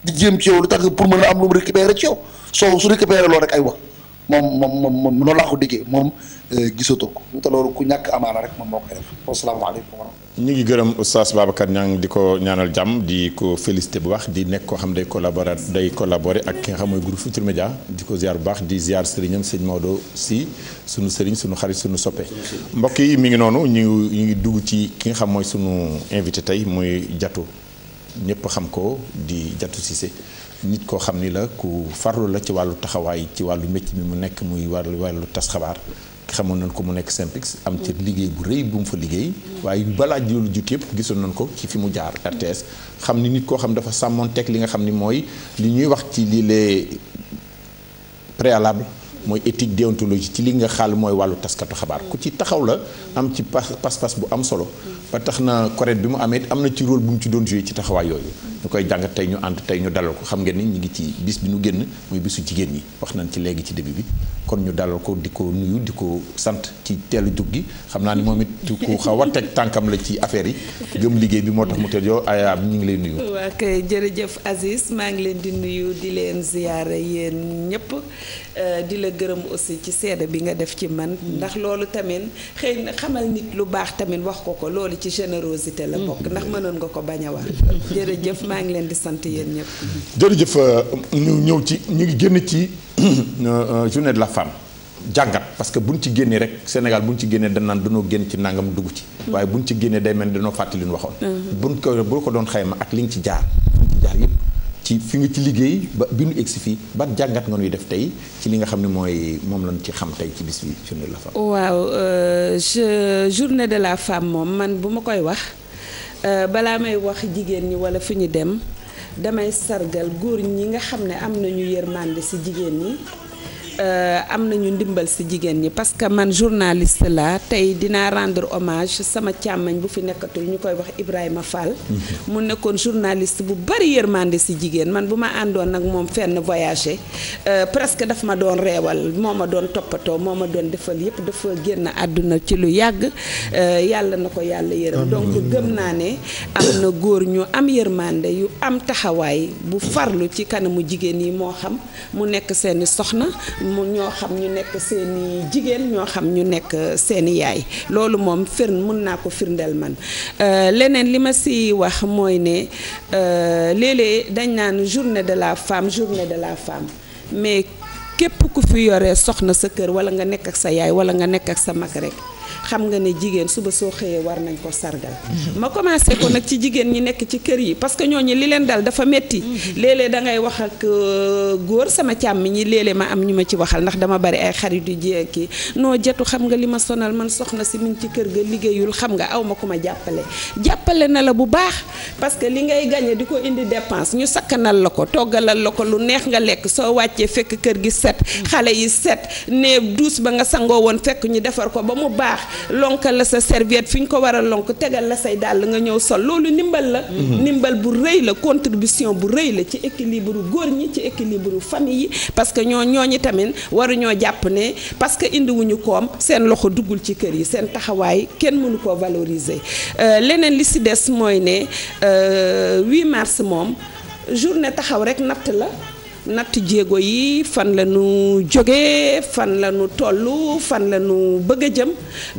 di jéem ci yow lu tax pour mën a am lu mu récupéré ci yow soo su récupéré loolu rek ay wax moom moom moom noonu laa ko déggee moom euh, gisatoo ko te loolu ku ñàkk amaana rek moom moo koy def wasalaamaaleykum wa rahmatulah ñu ngi gërëm oustaz Babacar Niang di ko ñaanal jàmm di ko félicité bu baax di nekk koo xam day collaborer day collaborer ak ki nga xam mooy groupe Futurs média di ko ziar bu baax di ziar sëriñam sëñ Maodo si sunu sëriñ sunu xarit sunu soppee mbokk yi mi ngi noonu ñu ñu ngi dugg ci ki nga xam mooy sunu invité tey muy Diatou ñëpp xam ko di Diatou Cissé nit koo xam ni la ku farlu la ci wàllu taxawaay ci wàllu métier bi mu nekk muy wàllu wàllu tas xabaar xamoon nañ ko mu nekk Simpix am ci liggéey bu rëy bu mu fa liggéey waaye balaa loolu jut yëpp gisoon nañ ko ci fi mu jaar RTS xam ni nit koo xam dafa sàmmoon teg li nga xam ni mooy li ñuy wax ci lii les préalable mooy éthique déontologie ci li nga xaal mooy wàllu taskatu xabaar ku ci taxaw la am ci pas pas bu am solo ba tax na correct bi mu amee am na ci rôle bu mu ci doon joué ci taxawaay yooyu ñu koy jàngat tey ñu ànd tey ñu dalal ko xam ngeen ni ñu ngi ci bis bi ñu génn muy bisu jigéen ñi wax nañ ci léegi ci début bi kon ñu dalal ko di ko nuyu di ko sant ci teelu jug gi xam naa ni moom it ku xaw a teg tànkam la ci affaire yi gëm liggéey bi moo tax mu teel yow aya ñu ngi lay nuyu waa jërëjëf Aziz maa ngi leen di nuyu di leen ziyaara yéen ñëpp euh, di la gërëm aussi ci seede bi nga def ci man mm. ndax loolu tamit xëy na xamal nit lu baax tamit wax ko ko loolu ci générosité la bokk mm. ndax mënoon nga ko bañ a maa ngi leen di sant yéen ñëpp. jërëjëf euh, ñu ñëw ci ñu ngi génn ci euh, euh, journée de la femme jàngat parce que buñ ci génnee rek Sénégal bu buñ ci génnee danaan danoo génn ci nangam dugg ci. Mm-hmm. waaye buñ ci génnee day mel ni danoo fàttali ñu waxoon. Mm-hmm. ko bu ko doon xayma ak liñ ci ci jaar ci fi nga ci liggéey ba bi nu egsi fii ban jàngat nga ñuy def tey ci li nga xam ne mooy moom lañ ci xam tey ci bis bi journée de la femme. waaw journée de la femme moom man bu ma koy wax. Euh, balaa may wax jigéen ñi wala fu ñu dem damay sargal góor ñi nga xam ne am nañu yërmande si jigéen ñi Euh, am nañu ndimbal si jigéen ñi parce que man journaliste la tey dinaa rendre hommage sama càmmañ bu fi nekkatul ñu koy wax Ibrahima Fall. Mhm. mu nekkoon journalist bu bari yërmande si jigéen man bu ma àndoon nag moom fenn voyager euh, presque dafa ma doon reewal moo ma doon toppatoo moo ma doon defal yëpp dafa génn àdduna ci lu yàgg euh, yàlla na ko yàlla yërëm donc gëm naa ne am na góor ñu am yërmande yu am taxawaay bu farlu ci kanamu jigéen yi moo xam mu nekk seeni soxna mu ñoo xam ñu nekk seeni jigéen ñoo xam ñu nekk seeni yaay loolu moom firn mun naa ko firndeel man euh, leneen li ma si wax mooy ne euh, léeg-léeg dañ naan journée de la femme journée de la femme mais képp ku fi yore soxna sa kër wala nga nekk ak sa yaay wala nga nekk ak sa mag rek xam nga ne jigéen suba soo xëyee war nañ ko sargal ma commencé ko nag ci jigéen ñi nekk ci kër yi parce que ñooñu li leen dal dafa metti léelée léeg da ngay wax ak euh, góor sama càmm ñi léeg ma am ñu ma ci waxal ndax dama bari ay xarit yu jiyee kii noo jatu xam nga li ma sonal man soxna si min ci kër ga liggéeyul xam nga aw ma ku ma jàppale jàppale na la bu baax parce que li ngay gagné di ko indi dépense ñu sakkanal la ko toggalal la ko lu neex nga lekk soo wàccee fekk kër gi set xale yi set ne douche ba nga sangoo woon fekk ñu defar ko ba mu baax lonkal la sa serviette fi ñu ko war a lonk tegal la say dàll nga ñëw sol loolu ndimbal la mhm. ndimbal bu rëy la contribution bu rëy la ci équilibre góor ñi ci équilibre famille yi parce que ñoo ñi tamit waruñoo jàpp ne parce que indiwuñu koom seen loxo duggul ci kër yi seen taxawaay kenn mënu koo valoriser euh, leneen li si des mooy ne 8 euh, mars moom jour ne taxaw rek natt la natt jéego yi fan la ñu jógee fan la ñu toll fan la ñu bëgg a jëm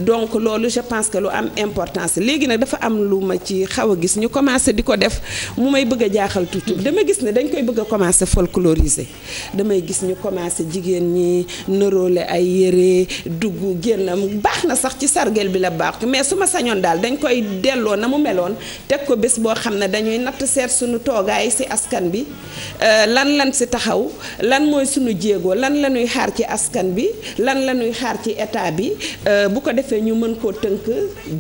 donc loolu je pense que lu am importance léegi nag dafa am lu ma ci xaw a gis ñu commencé di ko def mu may bëgg a jaaxal tuuti dama gis ne dañ koy bëgg a commencé folkloriser damay gis ñu commencé jigéen ñi nëroole ay yére dugg génn baax na sax ci sargel bi la baax mais su ma sañoon daal dañ koy delloo na mu meloon teg ko bés boo xam ne dañuy natt seet suñu toogaay si askan bi euh, lan lan si tax xaw lan mooy sunu jéego lan la ñuy xaar ci askan bi lan la ñuy xaar ci état bi euh, bu ko defee ñu mën koo tënk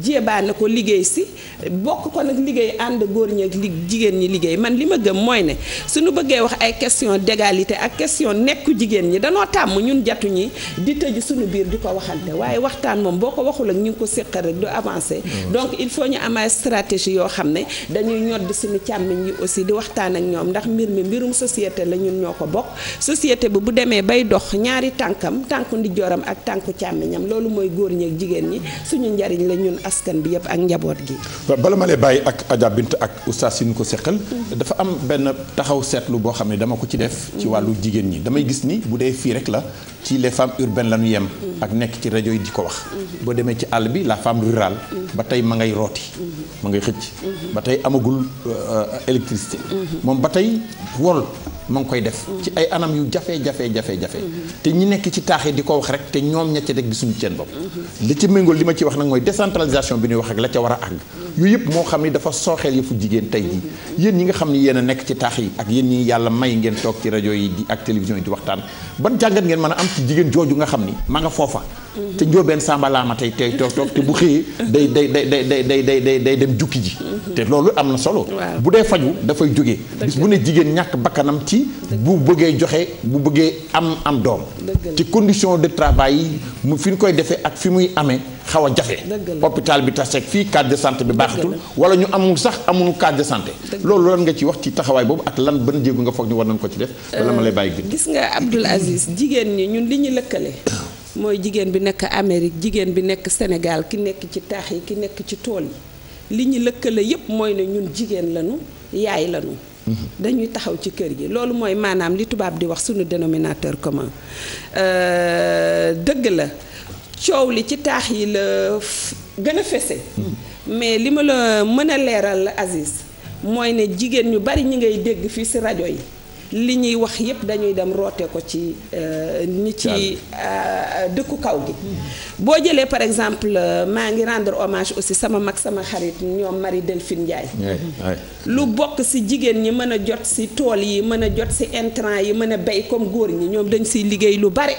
jéebaane ko liggéey si bokk ko nag liggéey ànd góor ñi ak jigéen ñi liggéey man li ma gëm mooy ne suñu bëggee wax ay question d'égalité ak question nekku jigéen ñi danoo tàmm ñun jatu ñi di tëj suñu biir di ko waxante waaye waxtaan moom boo ko waxul ak ñu ngi ko séqal rek du avancé mm. donc il faut ñu am ay stratégie yoo xam ne dañuy ñodd suñu càmmiñ yi aussi di waxtaan ak ñoom ndax mbir mi mbirum société la ñoo ko bokk société bi bu demee bay dox ñaari tànkam tànku ndijjooram ak tànku càmmiñam loolu mooy góor ñi jigéen ñi suñu njariñ la ñun askan bi yëpp ak njaboot gi. bala ma lay bàyyi ak Adja Bint ak oustaz si ñu ko seqal. Mm-hmm. dafa am benn taxaw seetlu boo xam ne dama ko ci def. ci mm-hmm. wàllu jigéen ñi damay gis ni bu dee fii rek la ci les femmes urbaines la ñu yem. Mm-hmm. ak nekk ci rajo yi di ko wax. boo demee ci àll bi la femme rural ba tey ma ngay rooti. ma ngay xëcc. ba tey amagul euh, électricité. moom ba tey wol. ma ngi koy def. ci ay anam yu jafe jafe jafe te ñi nekk ci taax yi di ko wax rek te ñoom ña ca suñu gisuñu bopp. li ci méngool li ma ci wax nag mooy décentralisation bi ñuy wax ak la ca war a àgg. yooyu yëpp moo xam ni dafa sooxeel yëfu jigéen tey jii yéen ñi nga xam ni yéen a nekk ci taax yi ak yéen ñi yàlla may ngeen soog ci rajo yi di ak télévision yi di waxtaan ban jàngat ngeen mën a am ci jigéen jooju nga xam ni ma nga foofa te njóobeen Samba laa ma tey tey toog toog te bu xëyee. day day day day day day day dem jukki ji. te loolu am na solo. bu dee faju dafay jóge. bis bu ne jigéen ñàkk bakkanam ci. bu bëggee joxe bu bëggee am am doom. ci condition de travail yi mu fi ñu koy defee ak fi muy amee. xaw a jafe hôpital bi taseeg fii case de santé bi baaxatul wala ñu amul sax amul case de santé loolu lan nga ci wax ci taxawaay boobu ak lan ban jéego nga foog ñu war nañ ko ci def wala ma lay bàyyi euh, gis nga Abdoul Aziz jigéen ñi ñun li ñu lëkkale mooy jigéen bi nekk Amérique jigéen bi nekk Sénégal ki nekk ci taax yi ki nekk ci tool yi li ñu lëkkale yépp mooy ne ñun jigéen lañu yaay lañu mm-hmm. dañuy taxaw ci kër gi loolu mooy maanaam li tubaab di wax suñu dénominateur commun euh, dëgg la coow li ci taax yi la gën a fese mm-hmm. mais li ma la mën a leeral Aziz mooy ne jigéen ñu bari ñi ngay dégg fii ci rajo yi li ñuy wax yépp dañuy dem roote ko ci ñi euh, ci euh, dëkku kaw gi boo jëlee par exemple euh, maa ngi rendre hommage aussi sama mag sama xarit ñoom Marie Delphine Ndiaye lu bokk ci jigéen ñi mën a jot ci tool yi mën a jot ci intrant yi mën a bay comme góor ñi ñoom dañ siy liggéey lu bare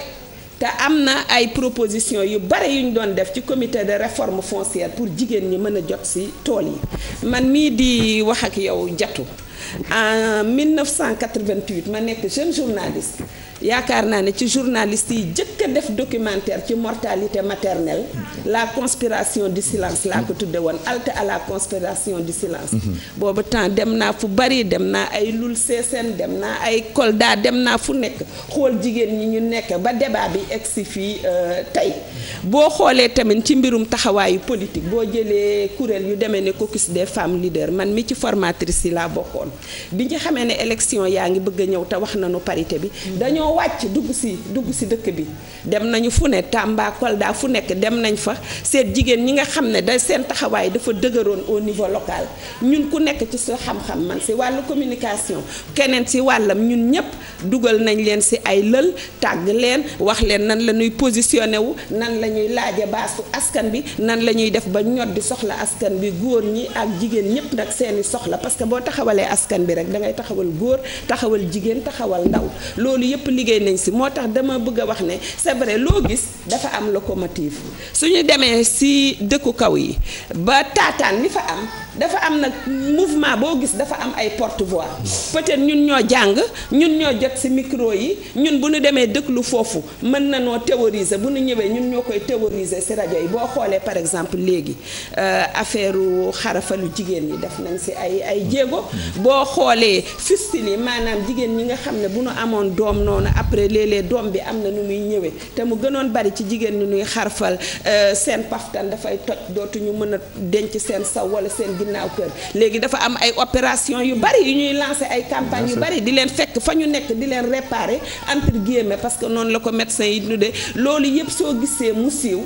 te am na ay proposition yu bare yu ñu doon def ci commité de réforme foncière pour jigéen ñi mën a jot ci tool yi man mii di wax ak yow jatu en 1988 ma nekk jeune journaliste yaakaar naa ne ci journaliste yi jëkk def documentaire ci mortalité maternelle la conspiration du silence laa ko tudde woon halte à la conspiration du silence mhm. boobu temps dem naa fu bari dem naa ay Loul Sessène dem naa ay Kolda dem naa fu nekk xool jigéen ñi ñu nekk ba débat bi egsi fii euh, tey boo xoolee tamit ci mbirum taxawaayu politique boo jëlee kuréel yu demee ne caucus des femmes leaders man mi ci formatrice yi laa bokkoon bi ñu xamee ne élection yaa ngi bëgg a ñëw te wax nañu parité bi mhm. dañoo wàcc dugg si dugg si dëkk bi dem nañu fu ne Tamba Kolda fu nekk dem nañ fa seet jigéen ñi nga xam ne day seen taxawaay dafa dëgëroon au niveau local ñun ku nekk ci sa xam-xam man si wàllu communication keneen si wàllam ñun ñëpp dugal nañ leen si ay lël tàgg leen wax leen nan la ñuy positionné wu nan la ñuy laaje baasu askan bi nan la ñuy def ba ñot di soxla askan bi góor ñi ak jigéen ñëpp nag seeni soxla parce que boo taxawalee askan bi rek dangay ngay taxawal góor taxawal jigéen taxawal ndaw liggéey nañ si moo tax dama bëgg a wax ne c'est vrai loo gis dafa am locomotive suñu demee si dëkku kaw yi ba taataan li fa am dafa am nag mouvement boo gis dafa am ay port voix peut-être ñun ñoo jàng ñun ñoo jot si micro yi ñun bu ñu demee dëkklu foofu mën na noo théoriser bu ñu ñëwee ñun ñoo koy théoriser si rajo yi boo xoolee par exemple léegi euh, affaire xarafalu jigéen ñi def nañ si ay ay jéego mm. boo xoolee fistili maanaam jigéen ñi nga xam ne bu ñu amoon doom noonu après léeg-léeg doom bi am na nu muy ñëwee te mu gënoon bari ci jigéen ñi nuy xarfal euh, seen paftan dafay toj dootuñu mën a denc seen saw wala seen ginnaaw kër léegi dafa am ay opération yu bari yu ñuy lancer ay campagne yu bari di leen fekk fa ñu nekk di leen réparer entre guillemets parce que noonu la ko médecin yi tuddee loolu yëpp soo gisee mu siiw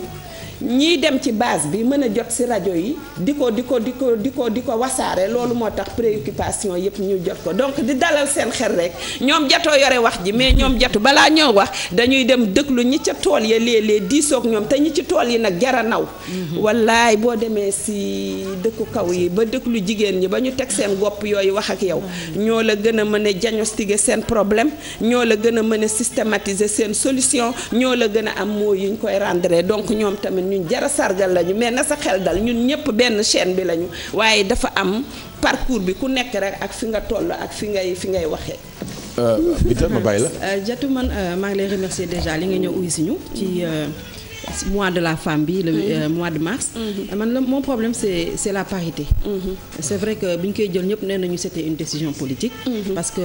ñiy dem ci base bi mën a jot si rajo yi di ko di ko di ko di ko di ko wasaare loolu moo tax préoccupation yëpp ñu jot ko donc di dalal seen xel rek ñoom jatoo yore wax ji mais ñoom jatu balaa ñoo wax dañuy dem dëglu ñi ca tool ya léeg-léeg diisoog ñoom te ci tool yi nag jara naw mhm. wallaay boo demee si dëkku kaw yi ba dëglu jigéen ñi ba ñu teg seen gopp yooyu wax ak yow mhm. ñoo la gën a mën a diagnostiquer seen problème ñoo la gën a mën a systématiser seen solution ñoo la gën a am moo ñu koy rendre donc ñoom tamit ñu jara sargal lañu mais na sa xel dal ñun ñëpp benn chaîne bi lañu waaye dafa am parcours bi ku nekk rek ak fi nga toll ak fi ngay fi ngay waxee. Euh, Binta ma bàyyi la. Euh, Jatu man euh, maa ngi lay remercier déjà li nga ñëw uyu si ñu ci. mois de la femme bi le mhm. euh, mois de mars mhm. man la mon problème c'est c'est la parité mhm. c'est vrai que bi ñu koy jël ñëpp nee nañu c'était une décision politique parce que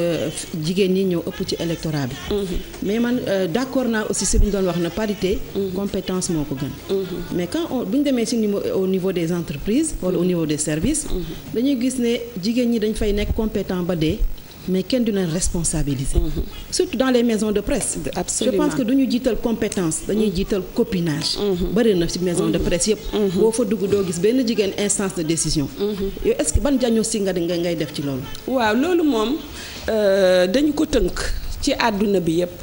jigéen ñi ñëw ëpp ci électorat bi mais man euh, d'accord naa aussi si lu ñu doon wax na parité compétence moo ko gën mais quand on bu ñu demee si au niveau des entreprises wala au niveau des services dañuy gis ne jigéen ñi dañ fay nekk compétent ba dee mais kenn du leen responsabiliser. Mm-hmm. surtout dans les maisons de presse. Absolument. je pense que du ñu jiital compétence dañuy mm-hmm. jiital copinage. Mm-hmm. bëri na ci maison de presse yëpp. boo fa dugg doo gis benn jigéen instance de décision. est-ce que ban si nga nga ngay def ci loolu. waaw loolu moom euh, dañu ko tënk ci àdduna bi yëpp.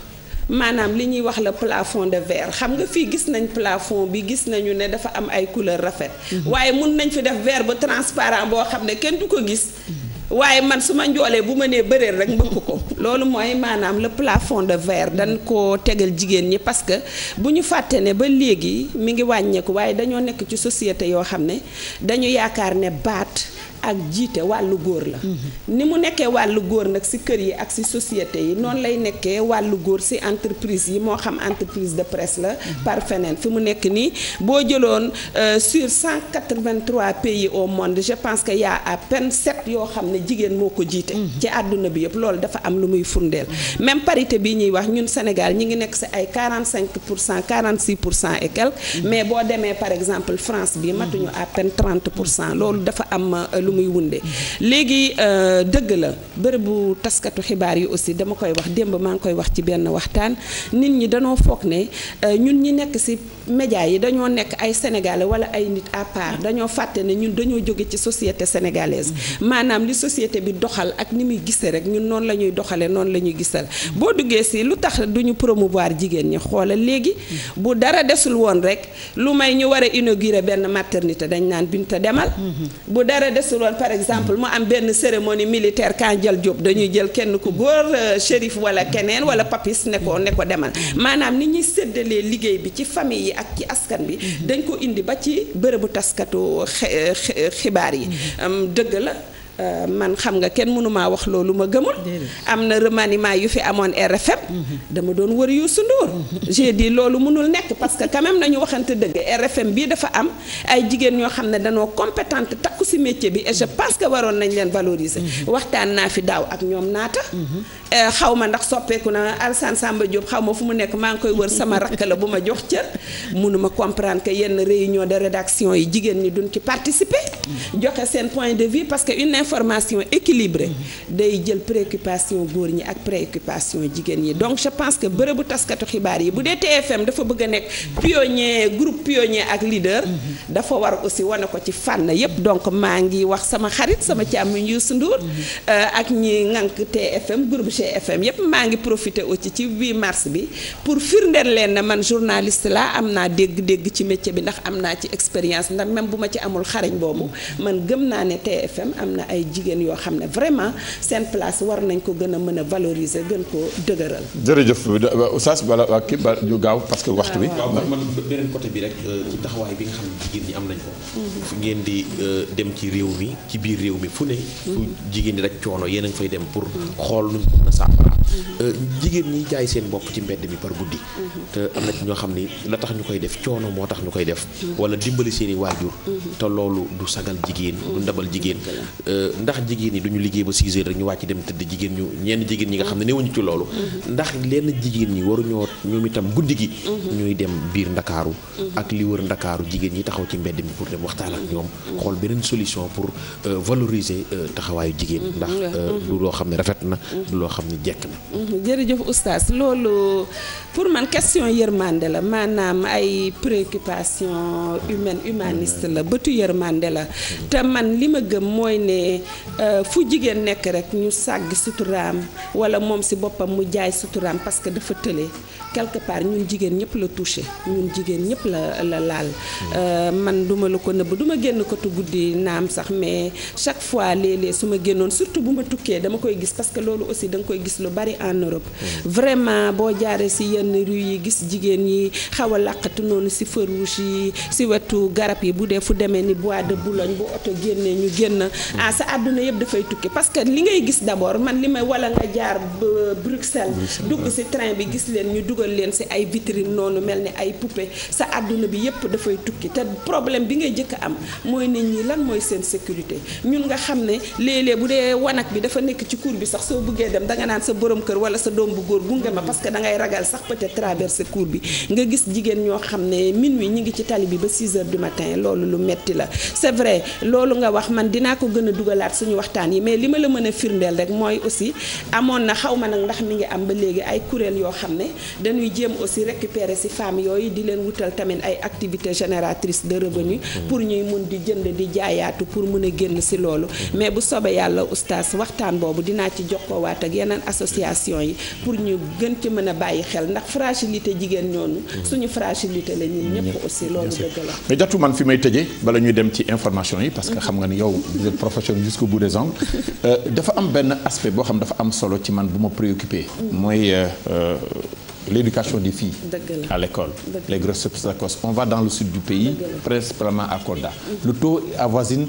maanaam li ñuy wax la plafond de verre xam nga fii gis nañ plafond bi gis nañu ne dafa am ay couleur rafet. waaye mun nañ fi def ver ba transparent boo xam ne kenn du ko gis. waaye man su ma njoolee bu ma nee bëréer rek mbëkk ko loolu mooy maanaam le plafond de verre dañ koo tegal jigéen ñi parce que bu ñu fàtte ne ba léegi mi ngi wàññeeku waaye dañoo nekk ci société yoo xam ne dañu yaakaar ne baat ak jiite wàllu góor la ni mu nekkee wàllu góor nag si kër yi ak si société yi noonu lay nekkee wàllu góor si entreprise yi moo xam entreprise de presse la par feneen fi mu nekk nii boo jëloon euh, sur 183 pays au monde je pense que y a à peine sept yoo xam ne jigéen moo ko jiite ci àdduna bi yëpp loolu dafa am lu muy furndeel même parité bi ñuy wax ñun Sénégal ñi ngi nekk si ay 45 pour cent 46 pour cent et quelques mais boo demee exemple France bi matuñu à peine pour cent loolu dafa am euh, lu muy wunde léegi euh, dëgg la bërëbu taskatu xibaar yi aussi dama koy wax démb maa ngi koy wax ci benn waxtaan nit ñi danoo foog ne euh, ñun ñi nekk ci média yi dañoo nekk ay sénégalais wala ay nit à dañoo fàtte ne ñun dañoo jóge ci société sénégalaise maanaam li société bi doxal ak ni muy gisee rek ñun noonu la ñuy doxalee noonu la ñuy gisal boo duggee si lu tax duñu promouvoir jigéen ñi xoolal léegi bu dara desul woon rek lu may ñu war a benn maternité dañ naan Binta demal mm-hmm. woon par exemple mu am benn cérémonie militaire kanjal Diop dañuy jël kenn ku góor euh, shérif wala keneen wala papis ne ko ne ko demal maanaam ni ñuy séddalee liggéey bi ci famille yi ak ci askan bi dañ ko indi ba ci bërëbu taskatu xibaar yi mm-hmm. dëgg la Euh, man xam nga kenn mënu maa wax loolu ma gëmul. am na remaniement yu fi amoon RFM. Mhm. dama doon wër Youssou Ndour. Mhm. j'ai loolu munul nekk parce que quand nañu waxante dëgg RFM bii dafa am ay jigéen ñoo xam ne danoo compétente takku si métier bi et je mhm. que waroon nañ leen valoriser. waxtaan naa fi daaw ak ñoom naata. Euh, xaw ma ndax soppeeku na Alsane Samba Diop xaw ma fu mu nekk maa ngi koy wër sama rakk la bu ma jox cër. mënuma comprendre que yenn réunion de rédaction yi jigéen ñi duñ ci participer. formation équilibrée day jël préoccupation góor ñi ak préoccupation jigéen ñi donc je pense que bërëbu taskatu xibaar yi bu dee TFM dafa bëgg a nekk pionnier groupe pionnier ak leader. dafa war aussi wane ko ci fànn yépp donc maa ngi wax sama xarit sama càmmiñ Youssou Ndour euh, ak ñi ŋànk TFM groupe GFM yépp maa ngi profité aussi ci huit mars bi pour firndeel leen na man journaliste laa am naa dégg-dégg ci métier bi ndax am naa ci expérience ndax même bu ma ci amul xarañ boobu ay jigéen yoo xam ne vraiment seen place war nañ ko gën a mën a valoriser gën ko dëgëral. jërëjëf Oustaz bala waa ba ñu gaaw parce que waxtu bi. waaw man beneen côté bi rek euh, ci taxawaay bi nga xam ne jigéen ñi am nañ ko. Mhm. fu ngeen di euh, dem ci réew mi ci biir réew mi fu ne. Mhm. jigéen ñi rek coono yéen fay dem pour mhm. xool nu mu mën euh, jigéen ñi jaay seen bopp ci mbedd mi par guddi. te am na ci ñoo xam ni la tax ñu koy def coono moo tax ñu koy def. wala dimbali seeni i waajur. te loolu du sagal jigéen du ndabal jigéen. ndax jigéen ñi duñu liggéey ba 6 heures rek ñu wàcc dem tëdd jigéen ñu ñenn jigéen ñi nga xam ne newuñu ci loolu ndax lenn jigéen ñi waruñoo ñoom itam guddi gi ñuy dem biir ndakaaru ak li wër ndakaaru jigéen ñi taxaw ci mbedd mi pour dem waxtaan ak ñoom xool beneen solution pour euh, valoriser euh, taxawaayu jigéen mm-hmm. ndax euh, mm-hmm. du loo xam ne rafet na mm-hmm. du loo xam ne jekk na jërëjëf oustaz loolu pour man question yërmande la maanaam ay préoccupation humaine humaniste la bëtu yërmande la te man li ma gëm mooy ne ne euh, fu jigéen nekk rek ñu sàgg suturaam wala moom si boppam mu jaay suturaam parce que dafa tële quelque part ñun jigéen ñëpp la touché ñun jigéen ñëpp la la laal. Euh, man duma la ko nëbb duma génn kotu guddi naam sax mais chaque fois léeg-léeg su ma génnoon surtout bu ma tukkee dama koy gis parce que loolu aussi danga koy gis lu bari en Europe. Mm. vraiment boo jaaree si yenn rue yi gis jigéen yi xaw a làqatu noonu si feu yi si wetu garab yi bu dee fu demee ni bois de sa àdduna yëpp dafay tukki parce que li ngay gis d'abord man li may wala nga jaar Bruxelles dugg si train bi gis leen ñu dugal leen si ay vitrine noonu mel ni ay poupée sa àdduna bi yëpp dafay tukki te problème bi ngay jëkk am mooy nit ñi lan mooy seen sécurité ñun nga xam ne léeg-léeg bu dee wanag bi dafa nekk ci cour bi sax soo bëggee dem danga naan sa borom kër wala sa doom bu góor gunge ma parce que dangay ragal sax peut-être traverser bi nga gis jigéen ñoo xam ne minuit ñi ngi ci tali bi ba 6 heures du matin loolu lu metti la c'est vrai ko gën a dugal dugalaat suñu waxtaan yi mais li ma la mën a firndeel rek mooy aussi amoon na xaw ma nag ndax mi ngi am ba léegi ay kuréel yoo xam ne dañuy jéem aussi récupérer si femmes yooyu di leen wutal tamit ay activités génératrice de revenus pour ñuy mun di jënd di jaayaatu pour mun a génn ci loolu mais bu soobee yàlla oustaz waxtaan boobu dinaa ci jox ko waat association yi pour ñu gën ci mën a bàyyi xel ndax fragilité jigéen ñoonu suñu fragilité la ñun ñëpp aussi loolu dëgg la mais jatu man fi may tëjee bala ñuy dem ci information yi parce que xam nga ni yow itam jusqu'au bout des ongles euh, dafa am benn aspect boo xam dafa am solo ci man bu ma préoccupé mooy euh, euh, l'éducation des filles à l'école les grossesses précoces on va dans le sud du pays principalement à Kolda mm-hmm. le taux avoisine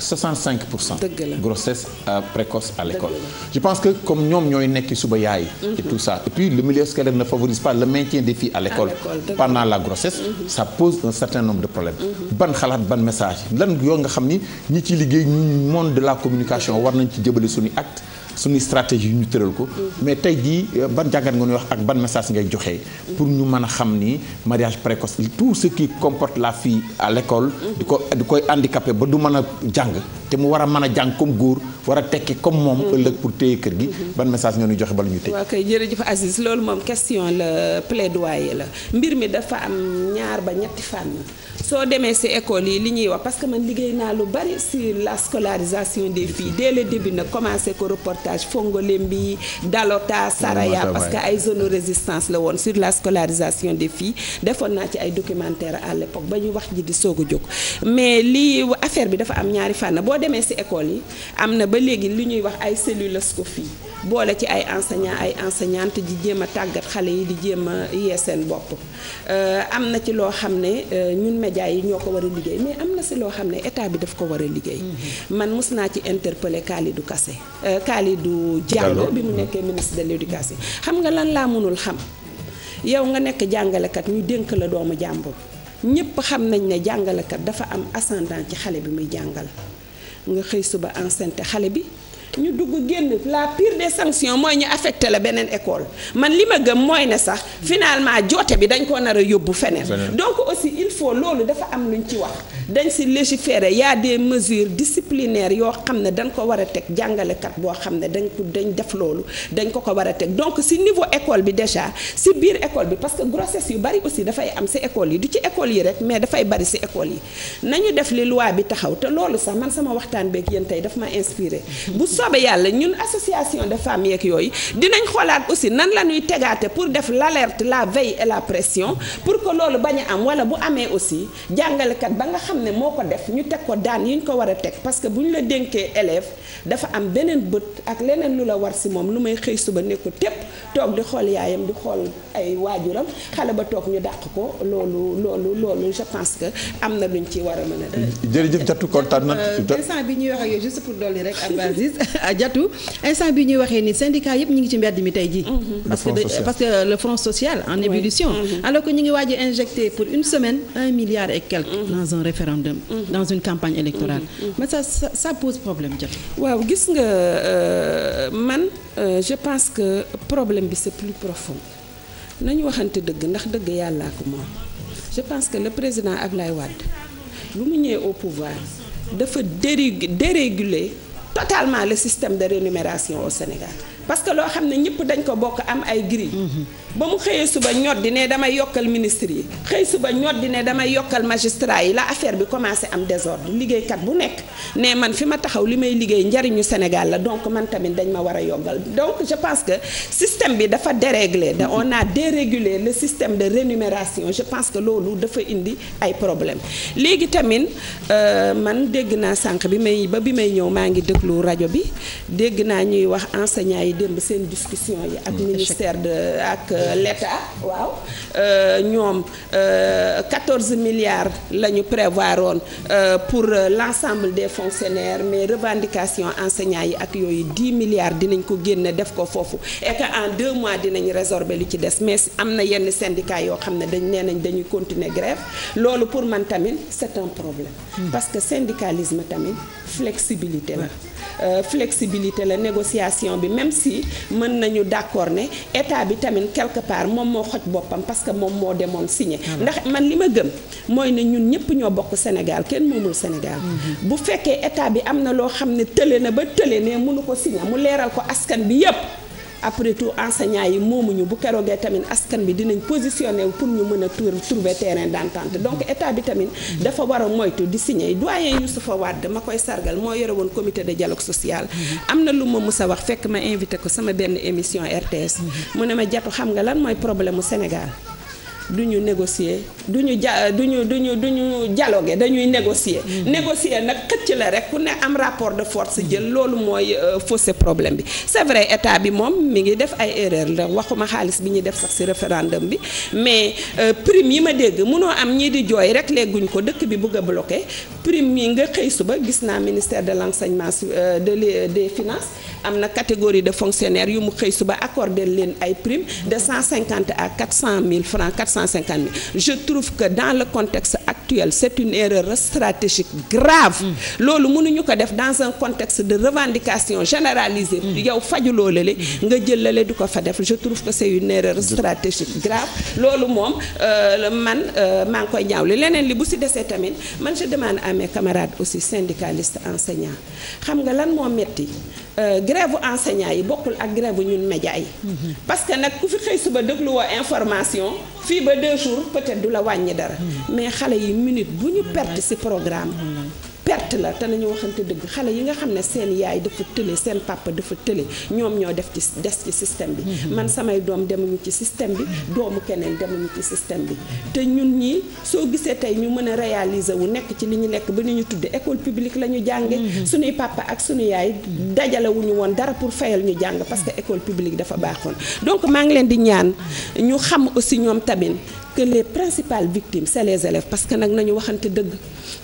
cinq pour cent. grossesse euh, précoce à l'école je pense que comme ñoom ñooy nekk suba yaay. et mhm. tout ça et puis le milieu scolaire ne favorise pas le maintien des filles à l'école pendant la grossesse. Mhm. ça pose un certain nombre de problèmes. Mhm. ban xalaat ban message lan yoo nga xam ni ñi ci liggéey ñu monde de la communication war nañ ci jëbale suñu acte. suñuy stratégie ñu tëral ko mhm. mais tey jii euh, ban jàngat nga ñuy wax ak ban message ngay joxe. pour ñu mën a xam ni mariage précoce tout si qui comporte la fille à l'école mhm. di ko di koy handicapé ba du mën a jàng te mu war a mën a jàng comme góor war a tekki comme moom mhm. ëllëg pour téye kër gi mhm. ban message nga ñu joxe bala ñu tëj loolu moom question la plaidoyer la mbir mi dafa am ñaar ba ñetti fànn soo demee si école yi li ñuy wax parce que man liggéey naa lu bari si la scolarisation des filles dès le début nag commencé ko reportage Fongolembi Dalota Saraya parce que ay zone résistance la woon sur la scolarisation des filles defoon naa ay documentaire à ba ñu wax ji di soog a ñaari fànn boo demee si école yi am na ba léegi li ñuy wax ay cellules ko fii boole ci ay enseignants ay enseignantes di jéem a tàggat xale yi di jéem a yee seen bopp euh, am na ci loo xam ne euh, ñun médias yi ñoo ko war a liggéey mais am na ci loo xam ne état bi daf ko war liggéey. Mm-hmm. man mos naa ci interpeller Kalidou Kassé euh, Kalidou Diallo bi mu mm-hmm. nekkee ministre de l'éducation xam nga lan laa mënul xam yow nga nekk jàngalekat ñu dénk la doomu jàmbur ñépp xam nañ ne jàngalekat dafa am ascendant ci xale bi muy jàngal. nga xëy suba enceinte xale bi ñu dugg génn la pire de sanctions mooy ñu affecté la beneen école man li ma gëm mooy ne sax finalement joote bi dañ ko nar a yóbbu feneen donc aussi il faut loolu dafa am lu luñ ci wax dañ si légiférer y a des mesures disciplinaires yoo xam ne dañ ko war a teg jàngalekat boo xam ne dañ ko dañ def loolu dañ ko ko war a teg donc si niveau école bi déjà si biir école bi parce que grossesse yu bari aussi dafay am si école yi di ci école yi rek mais dafay bari si école yi nañu def li loi bi taxaw te loolu sax man sama waxtaan beeg yéen tey daf ma inspiré bu soobee yàlla ñun association de femmes yeeg yooyu dinañ xoolaat aussi nan la ñuy tegaate pour def l'alerte la veille et la pression pour que loolu bañ am wala bu amee aussi jàngalekat ba xam ne moo ko def ñu teg ko daan yi ñu ko war a teg parce que bu ñu la dénkee élève dafa am beneen bët ak leneen lu la war si moom lu may xëy suba ne tépp toog di xool yaayam di xool ay waajuram xale ba toog ñu dàq ko loolu loolu loolu je que am na luñ ci war a mën a Jatu euh, instant bi ñuy waxee ni syndicat yëpp ñu ngi ci mbedd mi tey jii. Mm-hmm. parce que front social en ébullition. Mm-hmm. alors que ñu ngi waaj injecté pour une semaine un milliard et quelques mm-hmm. dans un référendum. référendum. Mm-hmm. dans une campagne électorale. Mm-hmm. Mm-hmm. mais ça ça, pose problème Diatou. waaw gis nga euh, man euh, je pense que problème bi c'est plus profond nañu waxante dëgg ndax dëgg yàllaa ko moom je pense que le président lay Wade lu mu ñëwee au pouvoir dafa déri déréguler totalement le système de rémunération au Sénégal. parce que loo xam ne ñëpp dañ ko bokk am ay gris. ba mu xëyee suba ñot di ne damay yokkal ministre yi xëy suba ñot di ne damay yokkal magistrat yi la affaire bi commencé am désordre liggéeykat bu nekk ne man fi ma taxaw li may liggéey njariñu Sénégal la donc man tamit dañ ma war a yokkal donc je pense que système bi dafa déréglé da mm-hmm. on a dérégulé le système de rémunération je pense que loolu dafa indi ay problème léegi tamit euh, man dégg naa sànq bi may ba bi may ñëw maa ngi déglu rajo bi dégg naa ñuy wax enseignants yi démb seen discussion yi ak mm. ministère de ak euh, mm. l'État waaw euh, ñoom 14 euh, milliards la ñu prévoir woon pour l'ensemble des fonctionnaires mais revendication enseignants yi ak yooyu 10 milliards dinañ ko génne def ko foofu et en deux mois dinañu résorber lu ci des mais am na yenn syndicats yoo xam ne dañ nee nañ dañuy continuer grève loolu pour man tamit c'est un problème mm. parce que tamit flexibilité la euh, flexibilité la négociation bi même si mën nañu d'accord ne état bi tamit quelque part moom moo xoj boppam parce que moom moo demoon signé ndax man li ma gëm mooy ne ñun ñëpp ñoo bokk Sénégal kenn moomul Sénégal mhm. bu fekkee état bi am na loo xam ne tële na ba tële ne mënu ko signé mu leeral ko askan bi yëpp après tout enseignants yi moomuñu bu keroogee tamit askan bi dinañ positionné wu pour ñu mën a trouver terrain d'entente donc état bi tamit dafa war a moytu di signé doyen Youssoufa Wade ma koy sargal moo yore woon comité de dialogue social am na lu ma mus a wax fekk ma invité ko sama benn émission RTS mu ne ma jatu xam nga lan mooy problème mu Sénégal du ñu négocier du ñu ja du ñu du ñu du ñu dialoguer dañuy négocier. Mm-hmm. négocier nag xëcc la rek ku ne am rapport de force jël loolu mooy euh, fausser problème bi c'est état bi moom mi ngi def ay erreur la waxuma xaalis bi ñuy def sax ci référendum bi mais euh, prime yi ma dégg mënoo am ñii di jooy rek léeguñ ko dëkk bi bëgg a bloqué prime yi nga xëy suba gis naa ministère de l'enseignement euh, de des finances am na catégorie de fonctionnaires yu mu xëy suba accordé leen ay prime de 150 à 400 000 francs 150 000 je trouve que dans le contexte actuel c'est une erreur stratégique grave loolu mënuñu ko def dans un contexte de revendication généralisée mm. yow faju fajuloo lale nga jël lale du ko fa def je trouve que c'est une erreur stratégique grave loolu moom euh, man euh, maa ngi koy ñaawlu leneen li bu si desee tamit man je demande à mes camarades aussi syndicalistes enseignants xam nga lan moo metti euh, grève u enseignants yi bokkul ak grève ñun média yi mm-hmm. nag ku fi xëy suba dégluwoo ba deux jours du la wàññi dara hmm. mais xale yi minute bu ñu perte ci programme hmm. perte la te nañu waxante dëgg xale yi nga xam ne seen yaay dafa tële seen papa dafa tële ñoom ñoo def ci des ci système bi mm-hmm. man samay doom demuñu ci système bi doomu keneen demuñu ci système bi te ñun ñi soo gisee tey ñu mën a réaliser wu nekk ci li ñu nekk ba ñu ñu tudde école publique la ñu jànge mm-hmm. suñuy papa ak suñu yaay dajalewuñu woon dara pour fayal ñu jàng parce que école publique dafa baaxoon donc maa ngi leen di ñaan ñu xam aussi ñoom tamit que les principales victimes c'est les élèves parce que nag nañu waxante dëgg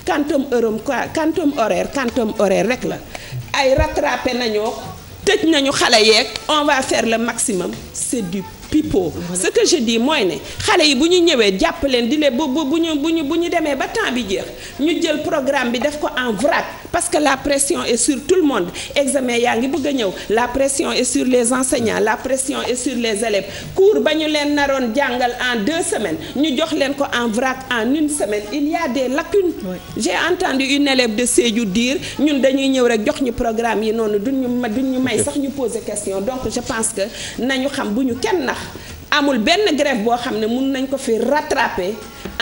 quantum heure quantum horaire quantum horaire rek la ay rattrapé nañoo tëj nañu xale yeeg on va faire le maximum c'est people ce que je dis mooy ne xale yi bu ñu ñëwee jàpp leen di leen bu bu bu ñu bu ñu bu demee ba temps bi jeex ñu jël programme bi def ko en vrac parce que la pression est sur tout le monde examen yaa ngi bëgg a ñëw la pression est sur les enseignants la pression est sur les élèves cours ba ñu leen naroon jàngal en deux semaines ñu jox leen ko en vrac en une semaine il y a des lacunes j'ai entendu une élève de Sédhiou diir ñun dañuy ñëw rek jox ñu programme yi noonu duñ ñu duñ ñu may sax ñu poser question donc je pense que amul benn grève boo xam ne mun nañ ko fi rattraper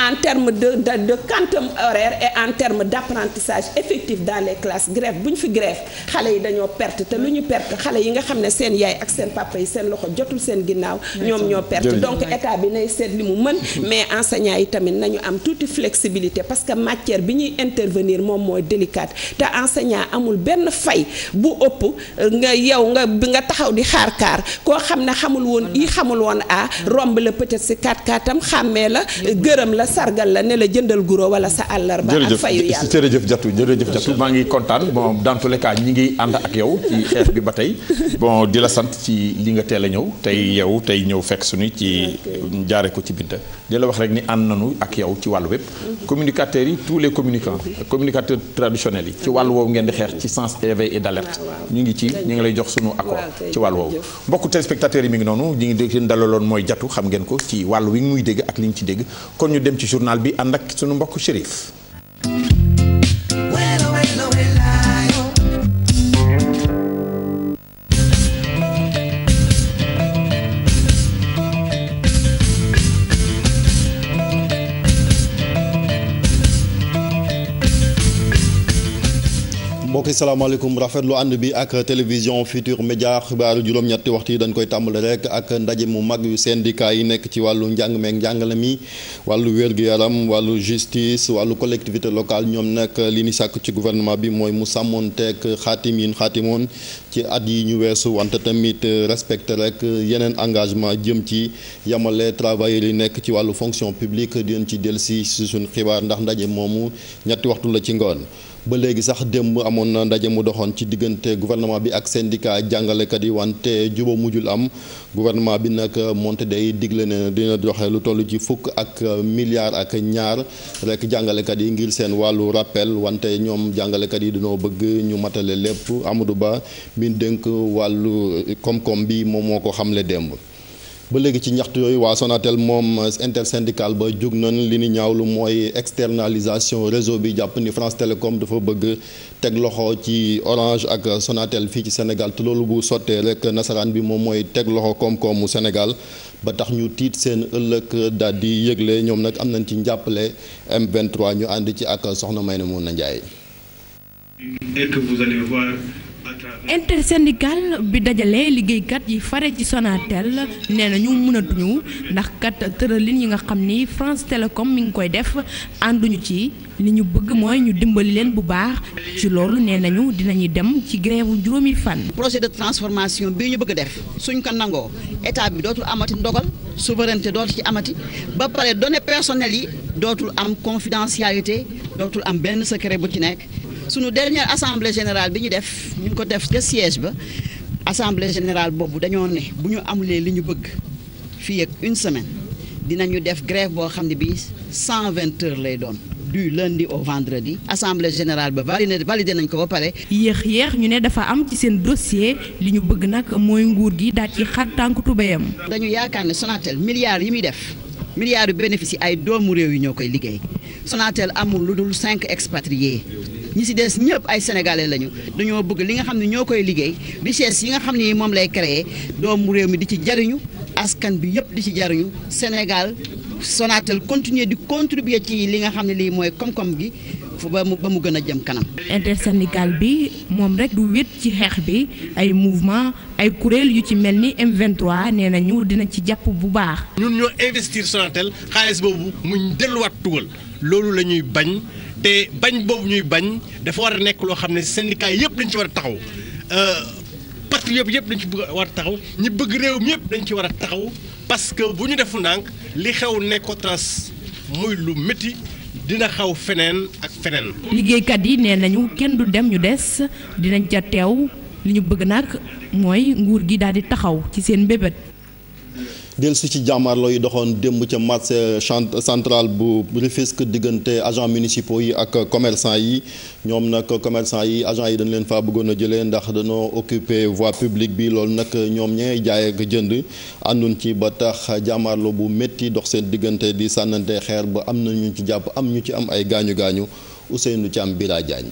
en termes de de de quantum horaire et en termes d' apprentissage effectif dans les classes grève bu fi grève xale yi dañoo perte te lu ñu perte xale yi nga xam ne seen yaay ak seen papa yi seen loxo jotul seen ginnaaw. ñoom ñoo perte donc état bi nay seet li mu mën. mais enseignants yi tamit nañu am tuuti flexibilité parce que matière bi ñuy intervenir moom mooy délicate te enseignant amul benn fay bu ëpp nga yow nga bi nga taxaw di xaar kaar koo xam ne xamul woon i xamul woon a ah, romb sargal la ne la jëndal guro wala sa àllarba ak fayu yàlla jërëjëf jatu jërëjëf jatu maa ngi kontaan bon dans tous les cas ñi ngi ànd ak yow ci xeex bi ba tey bon di la sant ci li nga teel a ñëw tey yow tey ñëw fekk suñu ci jaare ko ci Binta di la wax rek ni ànd nañu ak yow ci wàllu wépp communicateurs yi tous les communicants communicateurs traditionnels yi ci wàllu woowu ngeen di xeex ci sens d'éveil et d'alerte ñu ngi ci ñu ngi lay jox suñu accord ci wàllu woowu mbokku téléspectateurs yi mi ngi noonu ñi ngi dégg dalaloon mooy jatu xam ngeen ko ci wàllu wi muy dégg ak li ñu ci dégg kon ñu dem ci journal bi ànd ak sunu mbokk Chérif mbokk yi salaamaaleykum rafetlu ànd bi ak télévision Futur Média xibaaru juróom-ñetti waxtu yi dañ koy tàmbale rek ak ndaje mu mag yu syndicat yi nekk ci wàllu njàng meeg njàngale mi wàllu wér-gu-yaram wàllu justice wàllu collectivité locale ñoom nag li ni sàkk ci gouvernement bi mooy mu sàmmoon teeg xaatim yi xaatimoon ci at yi ñu weesu wante tamit respecté rek yeneen engagement jëm ci yamale travailleurs yi nekk ci wàllu fonction publique di leen ci dellusi si suñu xibaar ndax ndaje moomu ñetti waxtu la ci ngoon. ba léegi sax démb amoon na ndaje mu doxoon ci diggante gouvernement bi ak seen syndicat jàngalekat yi wante juba mujjul am gouvernement bi nag monte day digle ne dina joxe lu toll ci fukk ak milliards ak ñaar rek jàngalekat yi ngir seen wàllu rappel wante ñoom jàngalekat yi dañoo bëgg ñu matale lépp Amadou Ba mi dénk wàllu koom-koom bi moom moo ko xamle démb. ba léegi ci ñaxtu yooyu waa Sonatel moom intersyndical ba jóg nañ li ni ñaawlu mooy externalisation réseau bi jàpp ni France Télécom dafa bëgg teg loxo ci Orange ak Sonatel fii ci Sénégal te loolu bu sottee rek nasaraan bi moom mooy teg loxo koom-koomu Sénégal ba tax ñu tiit seen ëllëg daal di yëgle ñoom nag am nañ ci njàppale M23 ñu ànd ci ak soxna Mayna Mouna moon na que intersyndical bi dajalee liggéeykat yi fare ci Sonatel nee na ñu mënatuñu ndax kat tëralin yi nga xam ni France Télécom mi nga koy def ànduñu ci ni ñu bëgg mooy ñu dimbali leen bu baax ci loolu nee nañu dinañuy dem ci grève juróomi fan. projet de transformation bii ñu bëgg def suñ ko nangoo état bi dootul amati ndogal souveraineté dootul ci amati ba pare données yi dootul am confidentialité dootul am benn secret bu ci nekk. sunu dernière assemblée générale bi ñu def ñu ko def ca siège ba assemblée générale boobu dañoo ne bu ñu amulee li ñu bëgg fii ak une semaine dinañu def grève boo xam ne bii cent vingt heures lay doon. du lundi au vendredi assemblée générale ba validé validé nañ ko ba pare. yéex yéex ñu ne dafa am ci seen dossier li ñu bëgg nag mooy nguur gi daal ci xar tànk tubéyam. dañu yaakaar ne Sonatel milliards yi muy def milliards yu bénéfice ay doomu réew yi ñoo koy liggéey Sonatel amul lu dul cinq expatriés ñi si des ñëpp ay sénégalais lañu dañoo bëgg li nga xam ne ñoo koy liggéey richesse yi nga xam ne moom lay créer doomu réew mi di ci jariñu askan bi yëpp di ci jariñu Sénégal Sonatel continuer di contribuer ci li nga xam ne lii mooy koom-koom gi ba mu ba mu gën a jëm kanam. intersyndical bi moom rek du wéet ci xeex bi ay mouvement ay kuréel yu ci mel ni M23 nee nañu dina ci jàpp bu baax. ñun ñoo investir Sonatel xaalis boobu mu dëlluwaat tugal loolu la ñuy bañ. te bañ boobu ñuy bañ dafa war a nekk loo xam ne syndicat yëpp dañ ci war a taxaw euh, patriote yëpp dañ ci war a taxaw ñi bëgg réew mi yëpp dañ ci war a taxaw parce que bu ñu defu ndànk li xew tras mooy lu métti dina xaw feneen ak feneen. liggéeykat yi nee nañu kenn du dem ñu des dinañ ca teew li ñu bëgg nag mooy nguur gi daal di taxaw ci seen mbébét. del si ci jàmmarloo yi doxoon démb ca marché central bu Rufisque diggante agents municipaux yi ak commerçant yi ñoom nag commerçant yi agent yi dañ leen fa bëggoon a jëlee ndax dañoo occuper voie publique bi loolu nag ñoom ñee jaay ak jënd ànduñ ci ba tax jàmmarloo bu métti dox seen diggante di sànnante xeer ba am na ñu ci jàpp am ñu ci am ay gaañu gaañu Ousseynou Thiam Bira Diagne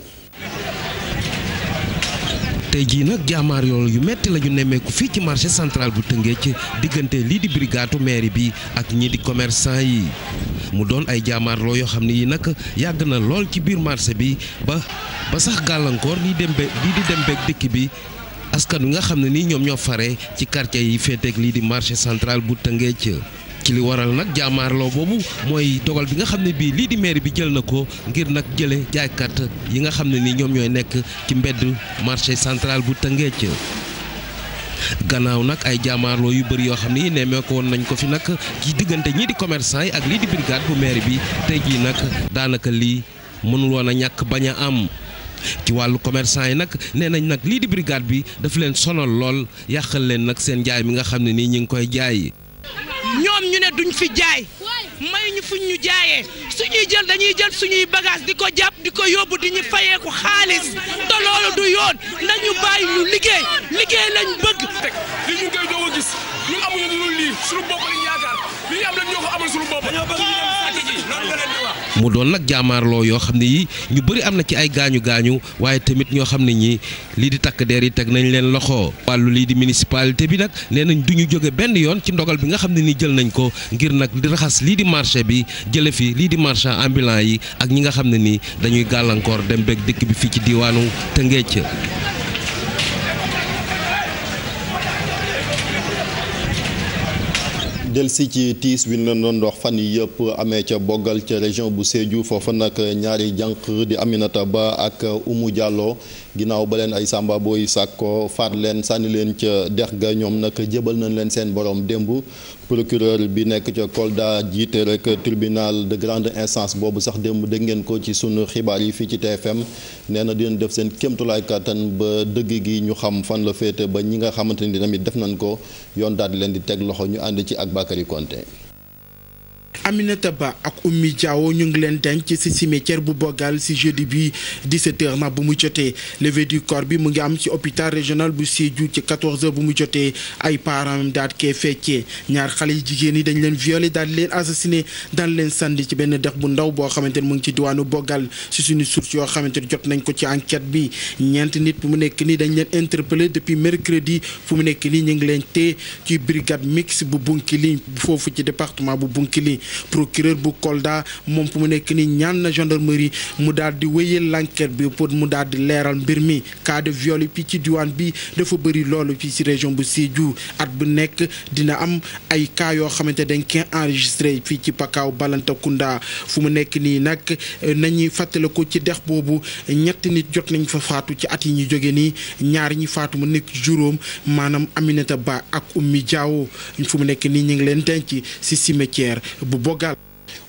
tey jii nag jaamaar yool yu metti la ñu nemmeeku fii ci marché central bu Tëngéej ci diggante lii di brigadu mairie bi ak ñii di commerçant yi mu doon ay jaamaarloo yoo xam ne yi nag yàgg na lool ci biir marché bi ba ba sax gàllankoor lii dem be lii di dem beeg dikk bi askan wi nga xam ne nii ñoom ñoo fare ci quartier yi féeteeg lii di marché centrale bu Tëngéej ci li waral nag jaamaarloo boobu mooy dogal bi nga xam ne bii lii di maire bi jël na ko ngir nag jële jaaykat yi nga xam ne nii ñoom ñooy nekk ci mbedd marché central bu Tëngéej gannaaw nag ay jaamaarloo yu bari yoo xam ne yi nemmeeku woon nañ ko fi nag ci diggante ñii di commerçant yi ak lii di brigade bu maire bi tey jii nag daanaka lii mënul woon a ñàkk bañ a am ci wàllu commerçant yi nag nee nañ nag lii di brigade bi daf leen sonal lool yàqal leen nag seen jaay mi nga xam ne nii ñu ngi koy jaay. ñoom ñu ne duñ fi jaay may ñu fuñ ñu jaayee suñuy jël dañuy jël suñuy bagage di ko jàpp di ko yóbbu di ñu fayeeku xaalis te loolu du yoon nañu bàyyi ñu liggéey liggéey lañ bëgg. a gis mu doon nag jaamaarloo yoo xam ne yi ñu bëri am na ci ay gaañu gaañu waaye tamit ñoo xam ne ñi lii di takk der yi teg nañ leen loxo wàllu lii di municipalité bi nag nee nañ du ñu jóge benn yoon ci ndogal bi nga xam ne ni jël nañ ko ngir nag di raxas lii di marché bi jële fi lii di marchand ambulant yi ak ñi nga xam ne ni dañuy gàllankoor dem beeg dikk bi fii ci diwaanu Tëngéej del ci tiis wi ñu doon ndox fan yi yëpp amee ca bogal ca région bu Sédhiou foofa nag ñaari jànq di Aminata Ba ak Oumou Diallo ginnaaw ba leen ay sàmba booy sàkko faat leen sànni leen ca dex ga ñoom nag jëbal nañ leen seen borom démb procureur bi nekk ca Kolda jiite rek tribunal de grande instance boobu sax démb dégg ngeen ko ci sunu xibaar yi fii ci TFM nee na dinañ def seen kéemtulaay kàttan ba dëgg gi ñu xam fan la féete ba ñi nga xamante ni tamit def nañ ko yoon daal leen di teg loxo ñu ànd ci ak Bakary Konté Aminata Ba ak Oumy Diawo ñu ngi leen denc ci cimetière bu Bogal ci jeudi bi 17h ma bu mu jotee levée du corps bi mu ngi am ci hôpital régional bu Sédhiou ci 14h bu mu jotee ay parents daal kee fekkee ñaar xale yi jigéen yi dañ leen violé daal leen assassiné daal leen sànni ci benn dex bu ndaw boo xamante ni mu ngi ci diwaanu Bogal ci suñu source yoo xamante ni jot nañ ko ci enquête bi ñeent nit fu mu nekk nii dañ leen interpellé depuis mercredi fu mu nekk nii ñu ngi leen tee ci brigade mixte bu Bounkiling foofu ci département bu Bounkiling procureur bu Kolda moom fu mu nekk nii ñaan na gendarmerie mu dal di wéyal l'enquête bi pour mu daal di leeral mbir mi cas de viol ci diwaan bi dafa bëri loolu fii ci région bu Sédhiou at bu nekk dina am ay cas yoo xamante dañ koy enregistré fii ci Pakao Balantakunda fu mu nekk nii nag nañuy fàttale ko ci dex boobu ñett nit jot nañu fa faatu ci at yi ñu jóge nii ñaar ñi faatu mu nekk juróom maanaam Aminata Ba ak Oumy Diawo fu mu nekk nii ñu ngi leen denc ci cimetière bu Bogal.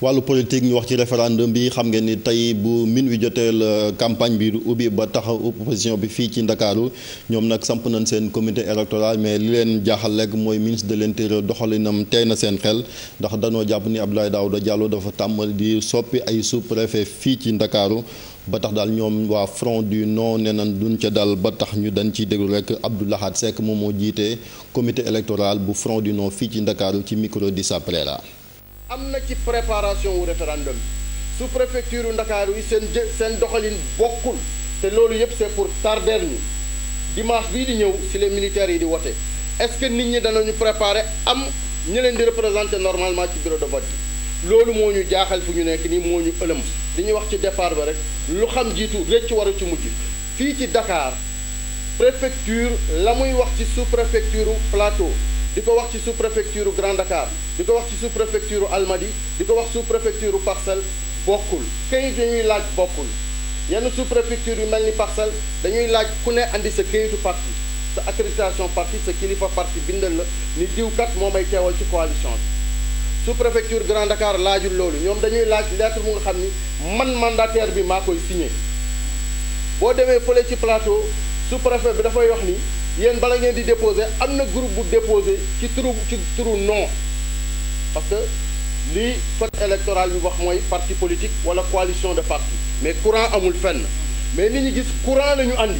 wàllu politique ñu wax ci référendum bi xam ngeen ni tey bu min wi joteel euh, campagne bi ubbi ba taxaw opposition bi fii ci ndakaaru ñoom nag samp nañ seen comité électoral mais li leen jaaxal rek mooy ministre de l'intérieur doxalinam tey na seen xel ndax danoo jàpp ni Abdoulaye Daouda Diallo dafa tàmbali di soppi ay sous-préfet fii ci ndakaaru ba tax daal ñoom waa front du non nee nañ duñ ca daal ba tax ñu dañ ciy déglu rek Abdou Lahad Seck moom moo jiite comité électoral bu front du fii ci ndakaaru ci micro di Saprera am na ci préparation wu référendum su sous préfecture yu Ndakaaru wi seen jë seen doxalin bokkul te loolu yëpp c'est pour tarder ñu dimanche bii di ñëw si les militaires yi di wote est nit ñi danañu préparer am ñu leen di représenter normalement ci bureau de vote loolu moo ñu jaaxal fu ñu nekk nii moo ñu ëlëm li ñuy wax ci départ bi rek lu xam jiitu rëcc waru ci mujj fii ci Dakar préfecture la muy wax ci su préfecture plateau di ko wax ci sous préfecture Grand Dakar di ko wax ci sous préfecture Almadi di ko wax sous préfecture Parcelles bokkul kayit yi ñuy laaj bokkul yenn sous préfecture yu mel ni Parcelles dañuy laaj ku ne indi sa kayitu parti sa accréditation parti sa kilifa parti bindal la ni diwkat moo may teewal ci coalition bi sous préfecture Grand Dakar laajul loolu ñoom dañuy laaj lettre mu nga xam ni man mandataire bi maa koy signé boo demee fële ci plateau sous préfet bi dafay wax ni. yéen bala ngeen di déposé am na groupe bu déposé ci turu ci turu non parce que lii code électoral bi wax mooy parti politique wala coalition de parti mais courant amul fenn mais li ñu gis courant la ñu andi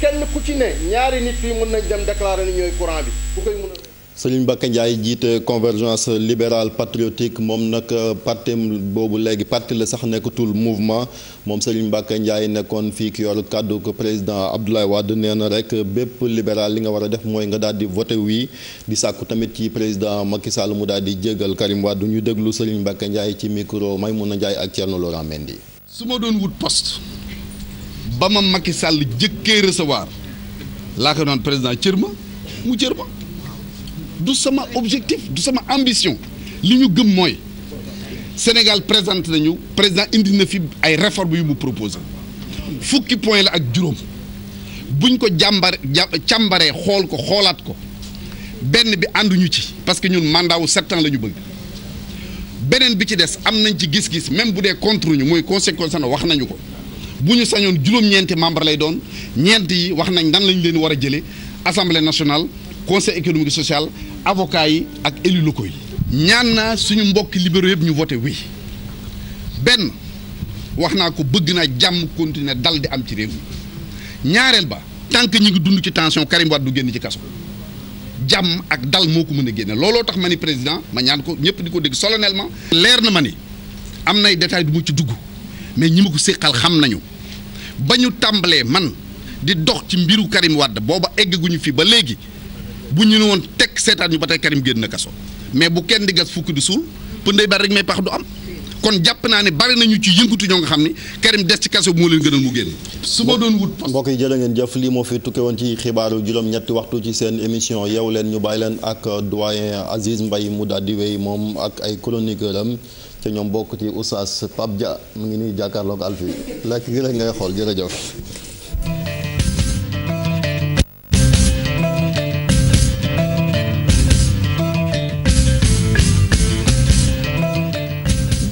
kenn ku ci ne ñaari nit fii mën nañ dem déclarer ni ñooy courant bi ku koy mën a Serigne Mbacké Ndiaye jiite convergence libérale patriotique moom nag euh, parti boobu léegi parti la sax nekkatul mouvement moom Serigne Mbacké Ndiaye nekkoon fii ki yor kàddu ko président Abdoulaye Wade nee na rek bépp libéral li nga war a def mooy nga daal di voté wii di sàkku tamit ci président Macky Sall mu daal di jégal Karim Wade ñu déglu Serigne Mbacké Ndiaye ci micro a Ndiaye ak Thierno Laurent Mendy. su ma doon wut poste ba ma Macky Sall jëkkee recevoir laa ko naan président cër mu cër ma. du sama objectif du sama ambition li ñu gëm mooy Sénégal présenté nañu président indi na fi ay réformes yu mu proposé fukki point la ak juróom buñ ko jàmbar càmbaree xool ko xoolaat ko benn bi ànduñu ci parce que ñun mandat wu sept la ñu bëgg beneen bi ci des am nañ ci gis-gis même bu dee contre ñu mooy conseil constitutionnel wax nañu ko bu ñu sañoon juróom-ñeenti membre lay doon ñeent yi wax nañ nan lañ leen war a jëlee assemblée nationale conseil économique et social avocat yi ak élus locaux yi. ñaan naa suñu mbokki libéraux yëpp ñu voté oui benn wax naa ko bëgg naa jàmm continuer dal di am ci réew mi ñaareel ba tant que ñu ngi dund ci tension Karim du génn ci kaso jàmm ak dal moo ko mën a génne looloo tax ma ni président ma ñaan ko ñëpp di ko dégg solennellement. leer na ma ni am nay détails du mu ci dugg mais ñi ma ko séqal xam nañu ba ñu tàmbalee man di dox ci mbiru Karim Wade booba egg guñu ba léegi. bu ñu ne woon teg seetaan ñu ba tey Karim génn na kaso mais bu kenn di gas fukki di suul pour ndey bari rek may pax du am. kon jàpp naa ne bari nañu ci yëngatu ñoo nga xam ne Karim des ci kaso bi moo leen gënal mu génn. su ma doon wut mbokk yi jërë ngeen jëf lii moo fi tukke woon ci xibaaru juróom-ñetti waxtu ci seen émission yeewu leen ñu bàyyi leen ak doyen Aziz Mbaye mu daal di wéy moom ak ay chroniqueur am te ñoom bokk ci Oustaz Pape Dia mu ngi nuy jàkkaarloog Alfi lekk gi rek ngay xool jërëjëf.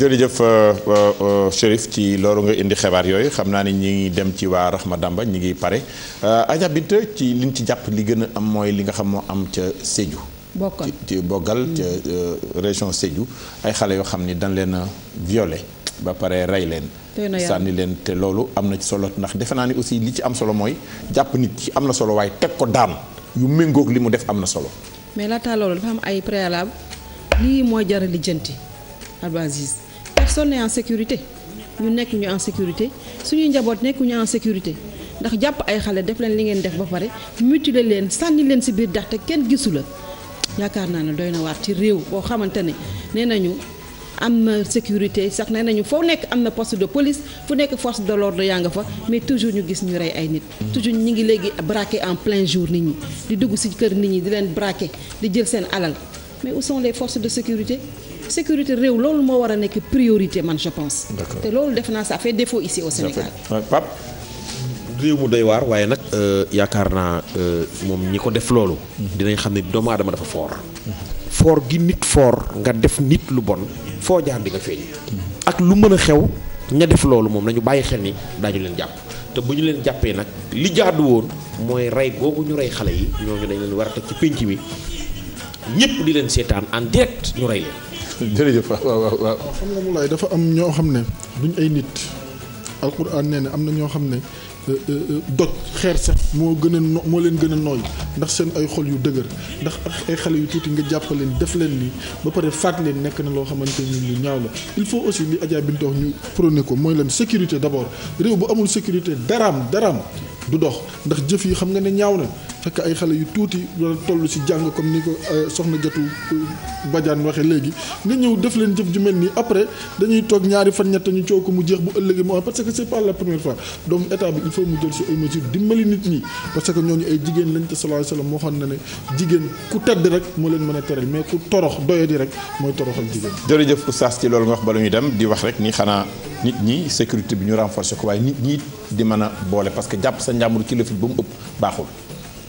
jërëjëf euh, euh, euh, Chérif ci loolu nga indi xabaar yooyu xam naa ni ñi ngi dem ci waa Rahma Damba ñi ngi pare Adja Binta ci liñ ci jàpp li gën am mooy li nga xam moo am ca Sédhiou bokkal ci boggal ca mm. région Sédhiou ay xale yoo xam ni dañ leen a ba pare rey leen sànni leen te loolu am na ci solo ndax defe naa ni aussi li ci am solo mooy jàpp nit ci am na solo waaye teg ko daan yu méngoog li mu def am na solo mais laata loolu dafa am ay préalable lii mooy jaral lijjanti personne n'est en sécurité ñu nekk ñu en sécurité suñuy njaboot nekk en sécurité ndax jàpp ay xale def leen li ngeen def ba pare mutiler leen sànni leen si biir darte kenn gisu la yaakaar naa ne doy na waat ci réew boo xamante ne nee na ñu am na sécurité sax nee nañu foo nekk am na poste de police fu nekk force de l'ordre yaa nga fa mais toujours ñu gis ñu rey ay nit. toujours ñu ngi léegi braqué en plein jour nit ñi di dugg si kër nit ñi di leen braqué di jël seen alal mais où sont de sécurité. sécurité réew loolu moo war a nekk priorité man je pense. te loolu def naa ça fait défaut ici au Sénégal. Pape réew mu doy waar waaye nag. Euh, yaakaar naa euh, moom ñi ko def loolu. dinañ xam ne doomu aadama dafa foor. foor gi nit foor nga def nit lu bon foo jaar di nga feeñ. ak lu mën a xew ña def loolu moom nañu bàyyi xel ni daañu leen jàpp te bu ñu leen jàppee nag li jaadu woon mooy rey googu ñu rey xale yi ñooñu dañu leen war ci pénc mi ñëpp di leen seetaan en ñu rey jërëjëf waaw waaw waaw. xam nga mu laay dafa am ñoo xam ne duñ ay nit alquran nee na am na ñoo xam ne euh, euh, euh, doj xeer sax moo gën a no moo leen gën a nooy ndax seen ay xol yu dëgër ndax ay xale yu tuuti nga jàppal leen def leen nii ba pare faat leen nekk ne loo xamante ni lu ñaaw la il faut aussi li Adja Bintou wax ñu prôné ko mooy leen sécurité d'abord réew bu amul sécurité daraam daraam du dox ndax jëf yi xam nga ne ñaaw na. fekk ay xale yu tuuti wala toll ci jàng comme ni ko euh, soxna Jatu euh, Badiane waxee léegi nga ñëw def leen jëf ju mel nii après dañuy toog ñaari fan ñett ñu coow ko mu jeex bu ëllëgee moo parce que c'est pas la fois donc état bi il mu jël ci ay mesures dimbali nit ñi parce que ñooñu ay jigéen lañ te sallallahu alayhi wasallam waxoon na ne jigéen ku tedd rek moo leen mën a teral mais ku torox doyadi rek mooy toroxal jigéen. jërëjëf oustaz ci loolu nga wax ba la ñuy dem di wax rek nii xanaa nit ñi sécurité bi ñu renforcer ko waaye nit ñi di mën a boole parce que jàpp sa njàmbur ci lëfit ba mu ëpp baaxul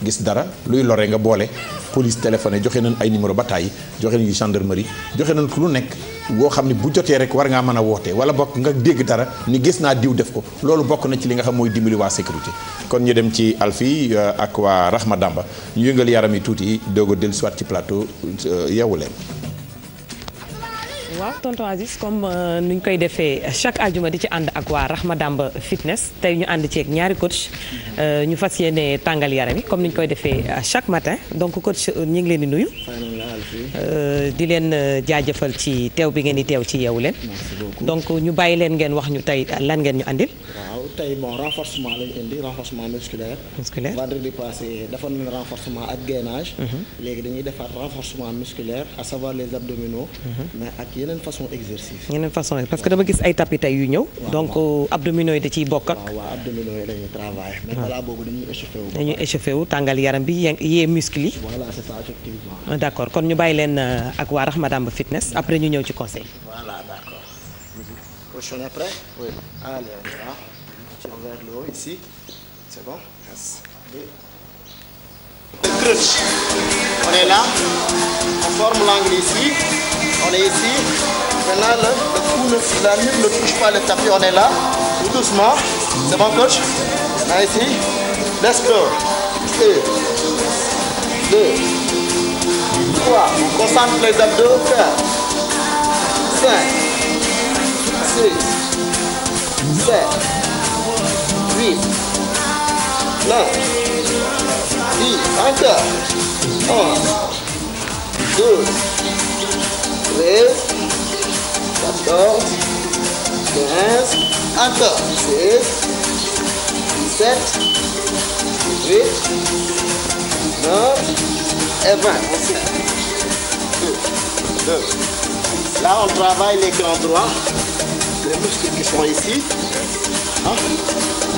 gis dara luy lore nga boole polis téléphone joxe nañ ay numéro ba tàyyi joxe nañu gendarmerie joxe nañ ku lu nekk boo xam ne bu jotee rek war ngaa mën a woote wala bokk nga dégg dara ni gis naa diw def ko loolu bokk na ci li nga xam mooy dimbali waa sécurité kon ñu dem ci alfi euh, ak waa Rahma Damba ñu yëngal yaram yi tuuti doog a dellusiwaat ci plateau euh, yeewu leen waaw tonton Aziz comme euh, ñu koy defee chaque aljuma di ci ànd ak waa Rahma Damba fitness tey ñu ànd ceeg ñaari coach euh, ñu fas yéene tàngal yaram yi comme nuñ koy defee chaque matin donc coach euh, ñu ngi leen di nuyu. di leen jaajëfal ci teew bi ngeen di teew ci yeewu leen. donc ñu bàyyi leen ngeen wax ñu tey lan ngeen ñu àndil. tey bon renforcement lañu indi renforcement musculaire. musculaire vendredi passé defoon nañu renforcement ak gainage. Mhm. léegi dañuy defar renforcement musculaire mhm. parce que dama gis ay tapis tey yu ñëw. donc euh, abdominaux yi da ciy bokk ak. waaw waaw abdominaux yi dañuy travailler. mais ah. balaa boobu dañuy échauffé tàngal yaram bi yee muscle yi. voilà ah, kon ñu bàyyi leen euh, ak waa Rahmadam ba fitness après ñu ñëw ci conseil. tire vers C'est bon yes. Allez. On On est là. On forme l'angle ici. On est ici. la nuque ne touche pas le tapis. On est là. Tout doucement. C'est bon, coach Maintenant, ici. Let's On concentre les abdos. Quatre. Cinq. Six. Sept. Vem. Não. E anda. Um. Dois. Três. Quatorze. Quinze. Anda. Seis. Sete. Huit. Nove. Et vingt. Deux. Là, on travaille les grands droits, les muscles qui sont ici. Hein?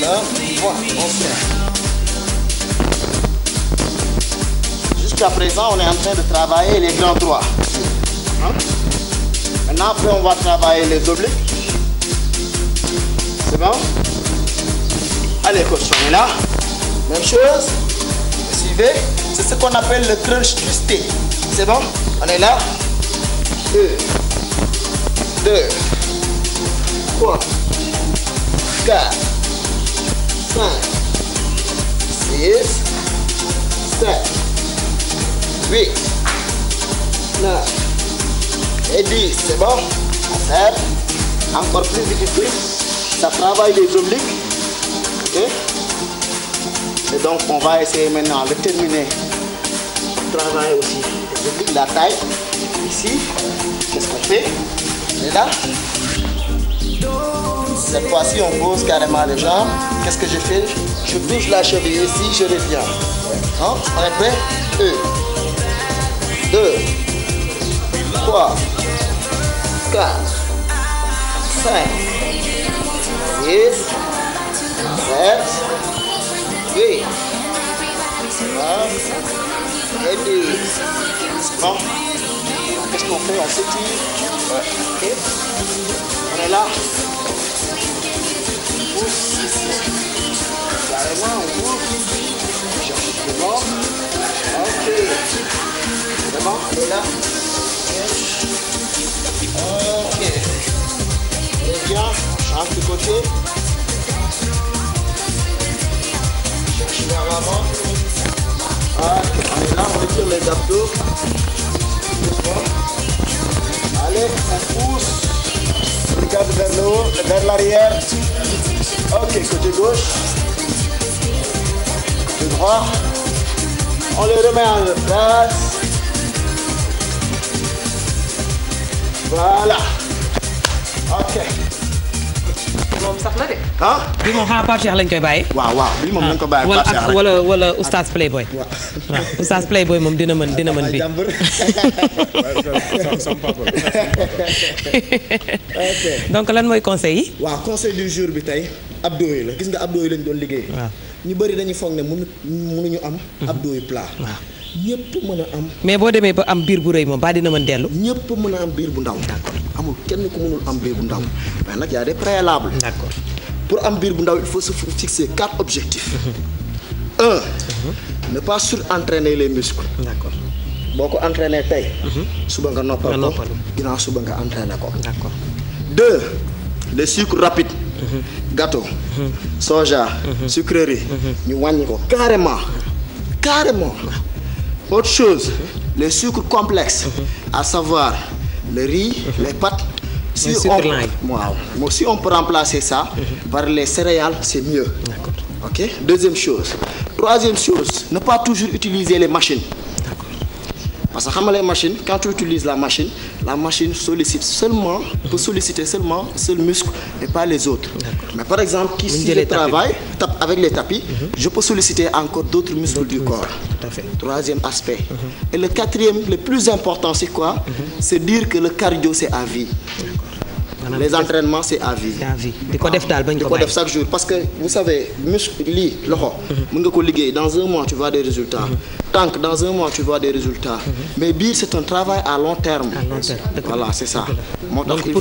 là, Jusqu'à présent, on est en travailler les grands droits. Hein? Maintenant, on va travailler les obliques. C'est bon Allez, coach, on est là. Même chose. C'est ce qu'on appelle le crunch twisté. C'est bon On est là. Deux. Deux. Trois. Quatre. 5, 6, 7, 8, 9 et 10. bon À faire. Encore plus difficile. Ça travaille les obliques. Ok Et donc, on va essayer maintenant de terminer. On travaille aussi les obliques, la taille. Ici, qu'est-ce qu'on fait On est Cette fois-ci, on pose carrément les jambes. Qu'est-ce que je fais Je bouge la cheville je reviens. Hein? On est prêt 1, 2, 3, 4, 5, 6, 7, et 10. Bon. Qu'est-ce qu'on fait On s'étire. Ouais. Okay. On est là. Caramba, um pouco. Já ficou bom? Ok. Tá bom? Olha. Ok. Et bien, change de côté. Cherche vers l'avant. Ok, on est là, on retire les abdos. Allez, on pousse. regarde vers le haut, vers l'arrière. Ok, côté gauche. Côté droit. On le remet en place. Voilà. Ok. ah bi moom xanaa Pape Cheikh lañ koy bàyyi. waaw waaw bi moom lañ ko bàyyi Pape Cheikh wala wala oustaz Playboy. waaw oustaz Playboy moom dina man dina mën bi. donc lan mooy conseil yi. waaw conseil du jour bi tey abdo yi la gis nga abdo yi lañ doon liggéey. ñu bëri dañuy foog ne mënu ñu am. Mhm. abdo yu plat. ñëpp a am. mais boo demee ba am biir bu rëy moom baa dina man dellu. ñëpp mën a am biir bu ndaw. d'accord amul kenn ku am biir bu ndaw. mais nag y a des pour am biir bu ndaw il faut se fixer quatre objectifs. Mhm. ne pas surentraîner les muscles. d'accord boo ko entraîner tey. Mhm. suba nga noppal ko ginnaaw suba nga entraîner ko. deux les sucres rapides. Mhm. gâteau. soja. sucrerie. ñu wàññi ko carrément. carrément. autre chose les sucres complexes. à savoir le riz les pâtes. si on waaw moo si on peut remplacer ça par les céréales c'est mieux deuxième chose troisième chose ne pas toujours utiliser les machines parce que xam nga les machines quand tu utilises la machine la machine sollicite seulement peut solliciter seulement seul muscle et pas les autres mais par exemple qui si je travaille avec les tapis mhm. je peux solliciter encore d'autres muscles du corps tout à fait. troisième aspect mhm. et le quatrième le plus important c'est quoi mhm. c'est dire que le cardio c'est à les entraînements c'est à vie. à vie di ko def daal bañ ko bàyyi di ko def chaque jour parce que vous savez muscle lii loxo. Mhm. mën nga ko liggéey dans un mois tu vois des résultats. Mhm. tànk dans un mois tu vois des résultats. Mhm. mais biir c' est pour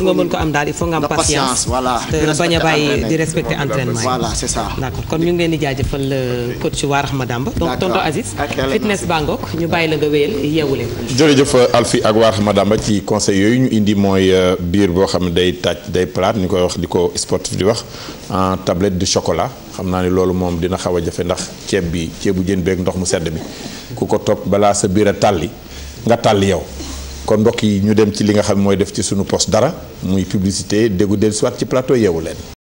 nga mën ko am daal il faut nga am patience voilà. a bàyyi di respecter entraînement yi. voilà kon ñu ngi leen di jaajëfal euh, coach Warahma Damba. donc tonton Aziz. fitness bangok ñu bàyyi la nga wéyal yeewu leen. jërëjëf Alfi ak Warahma Damba ci conseil yooyu ñu indi mooy euh, biir boo xam ne day tàcc day plat ñu koy wax di ko sportif di wax en tablette de chocolat. xam naa ni loolu moom dina xaw a jafe ndax ceeb bi ceebu jën beeg ndox mu sedd bi ku ko toog balaa sa biir a tàlli nga tàlli yow kon mbokk yi ñu dem ci li nga xam mooy def ci sunu poste dara muy publicité déggu del soit ci plateau yeewu leen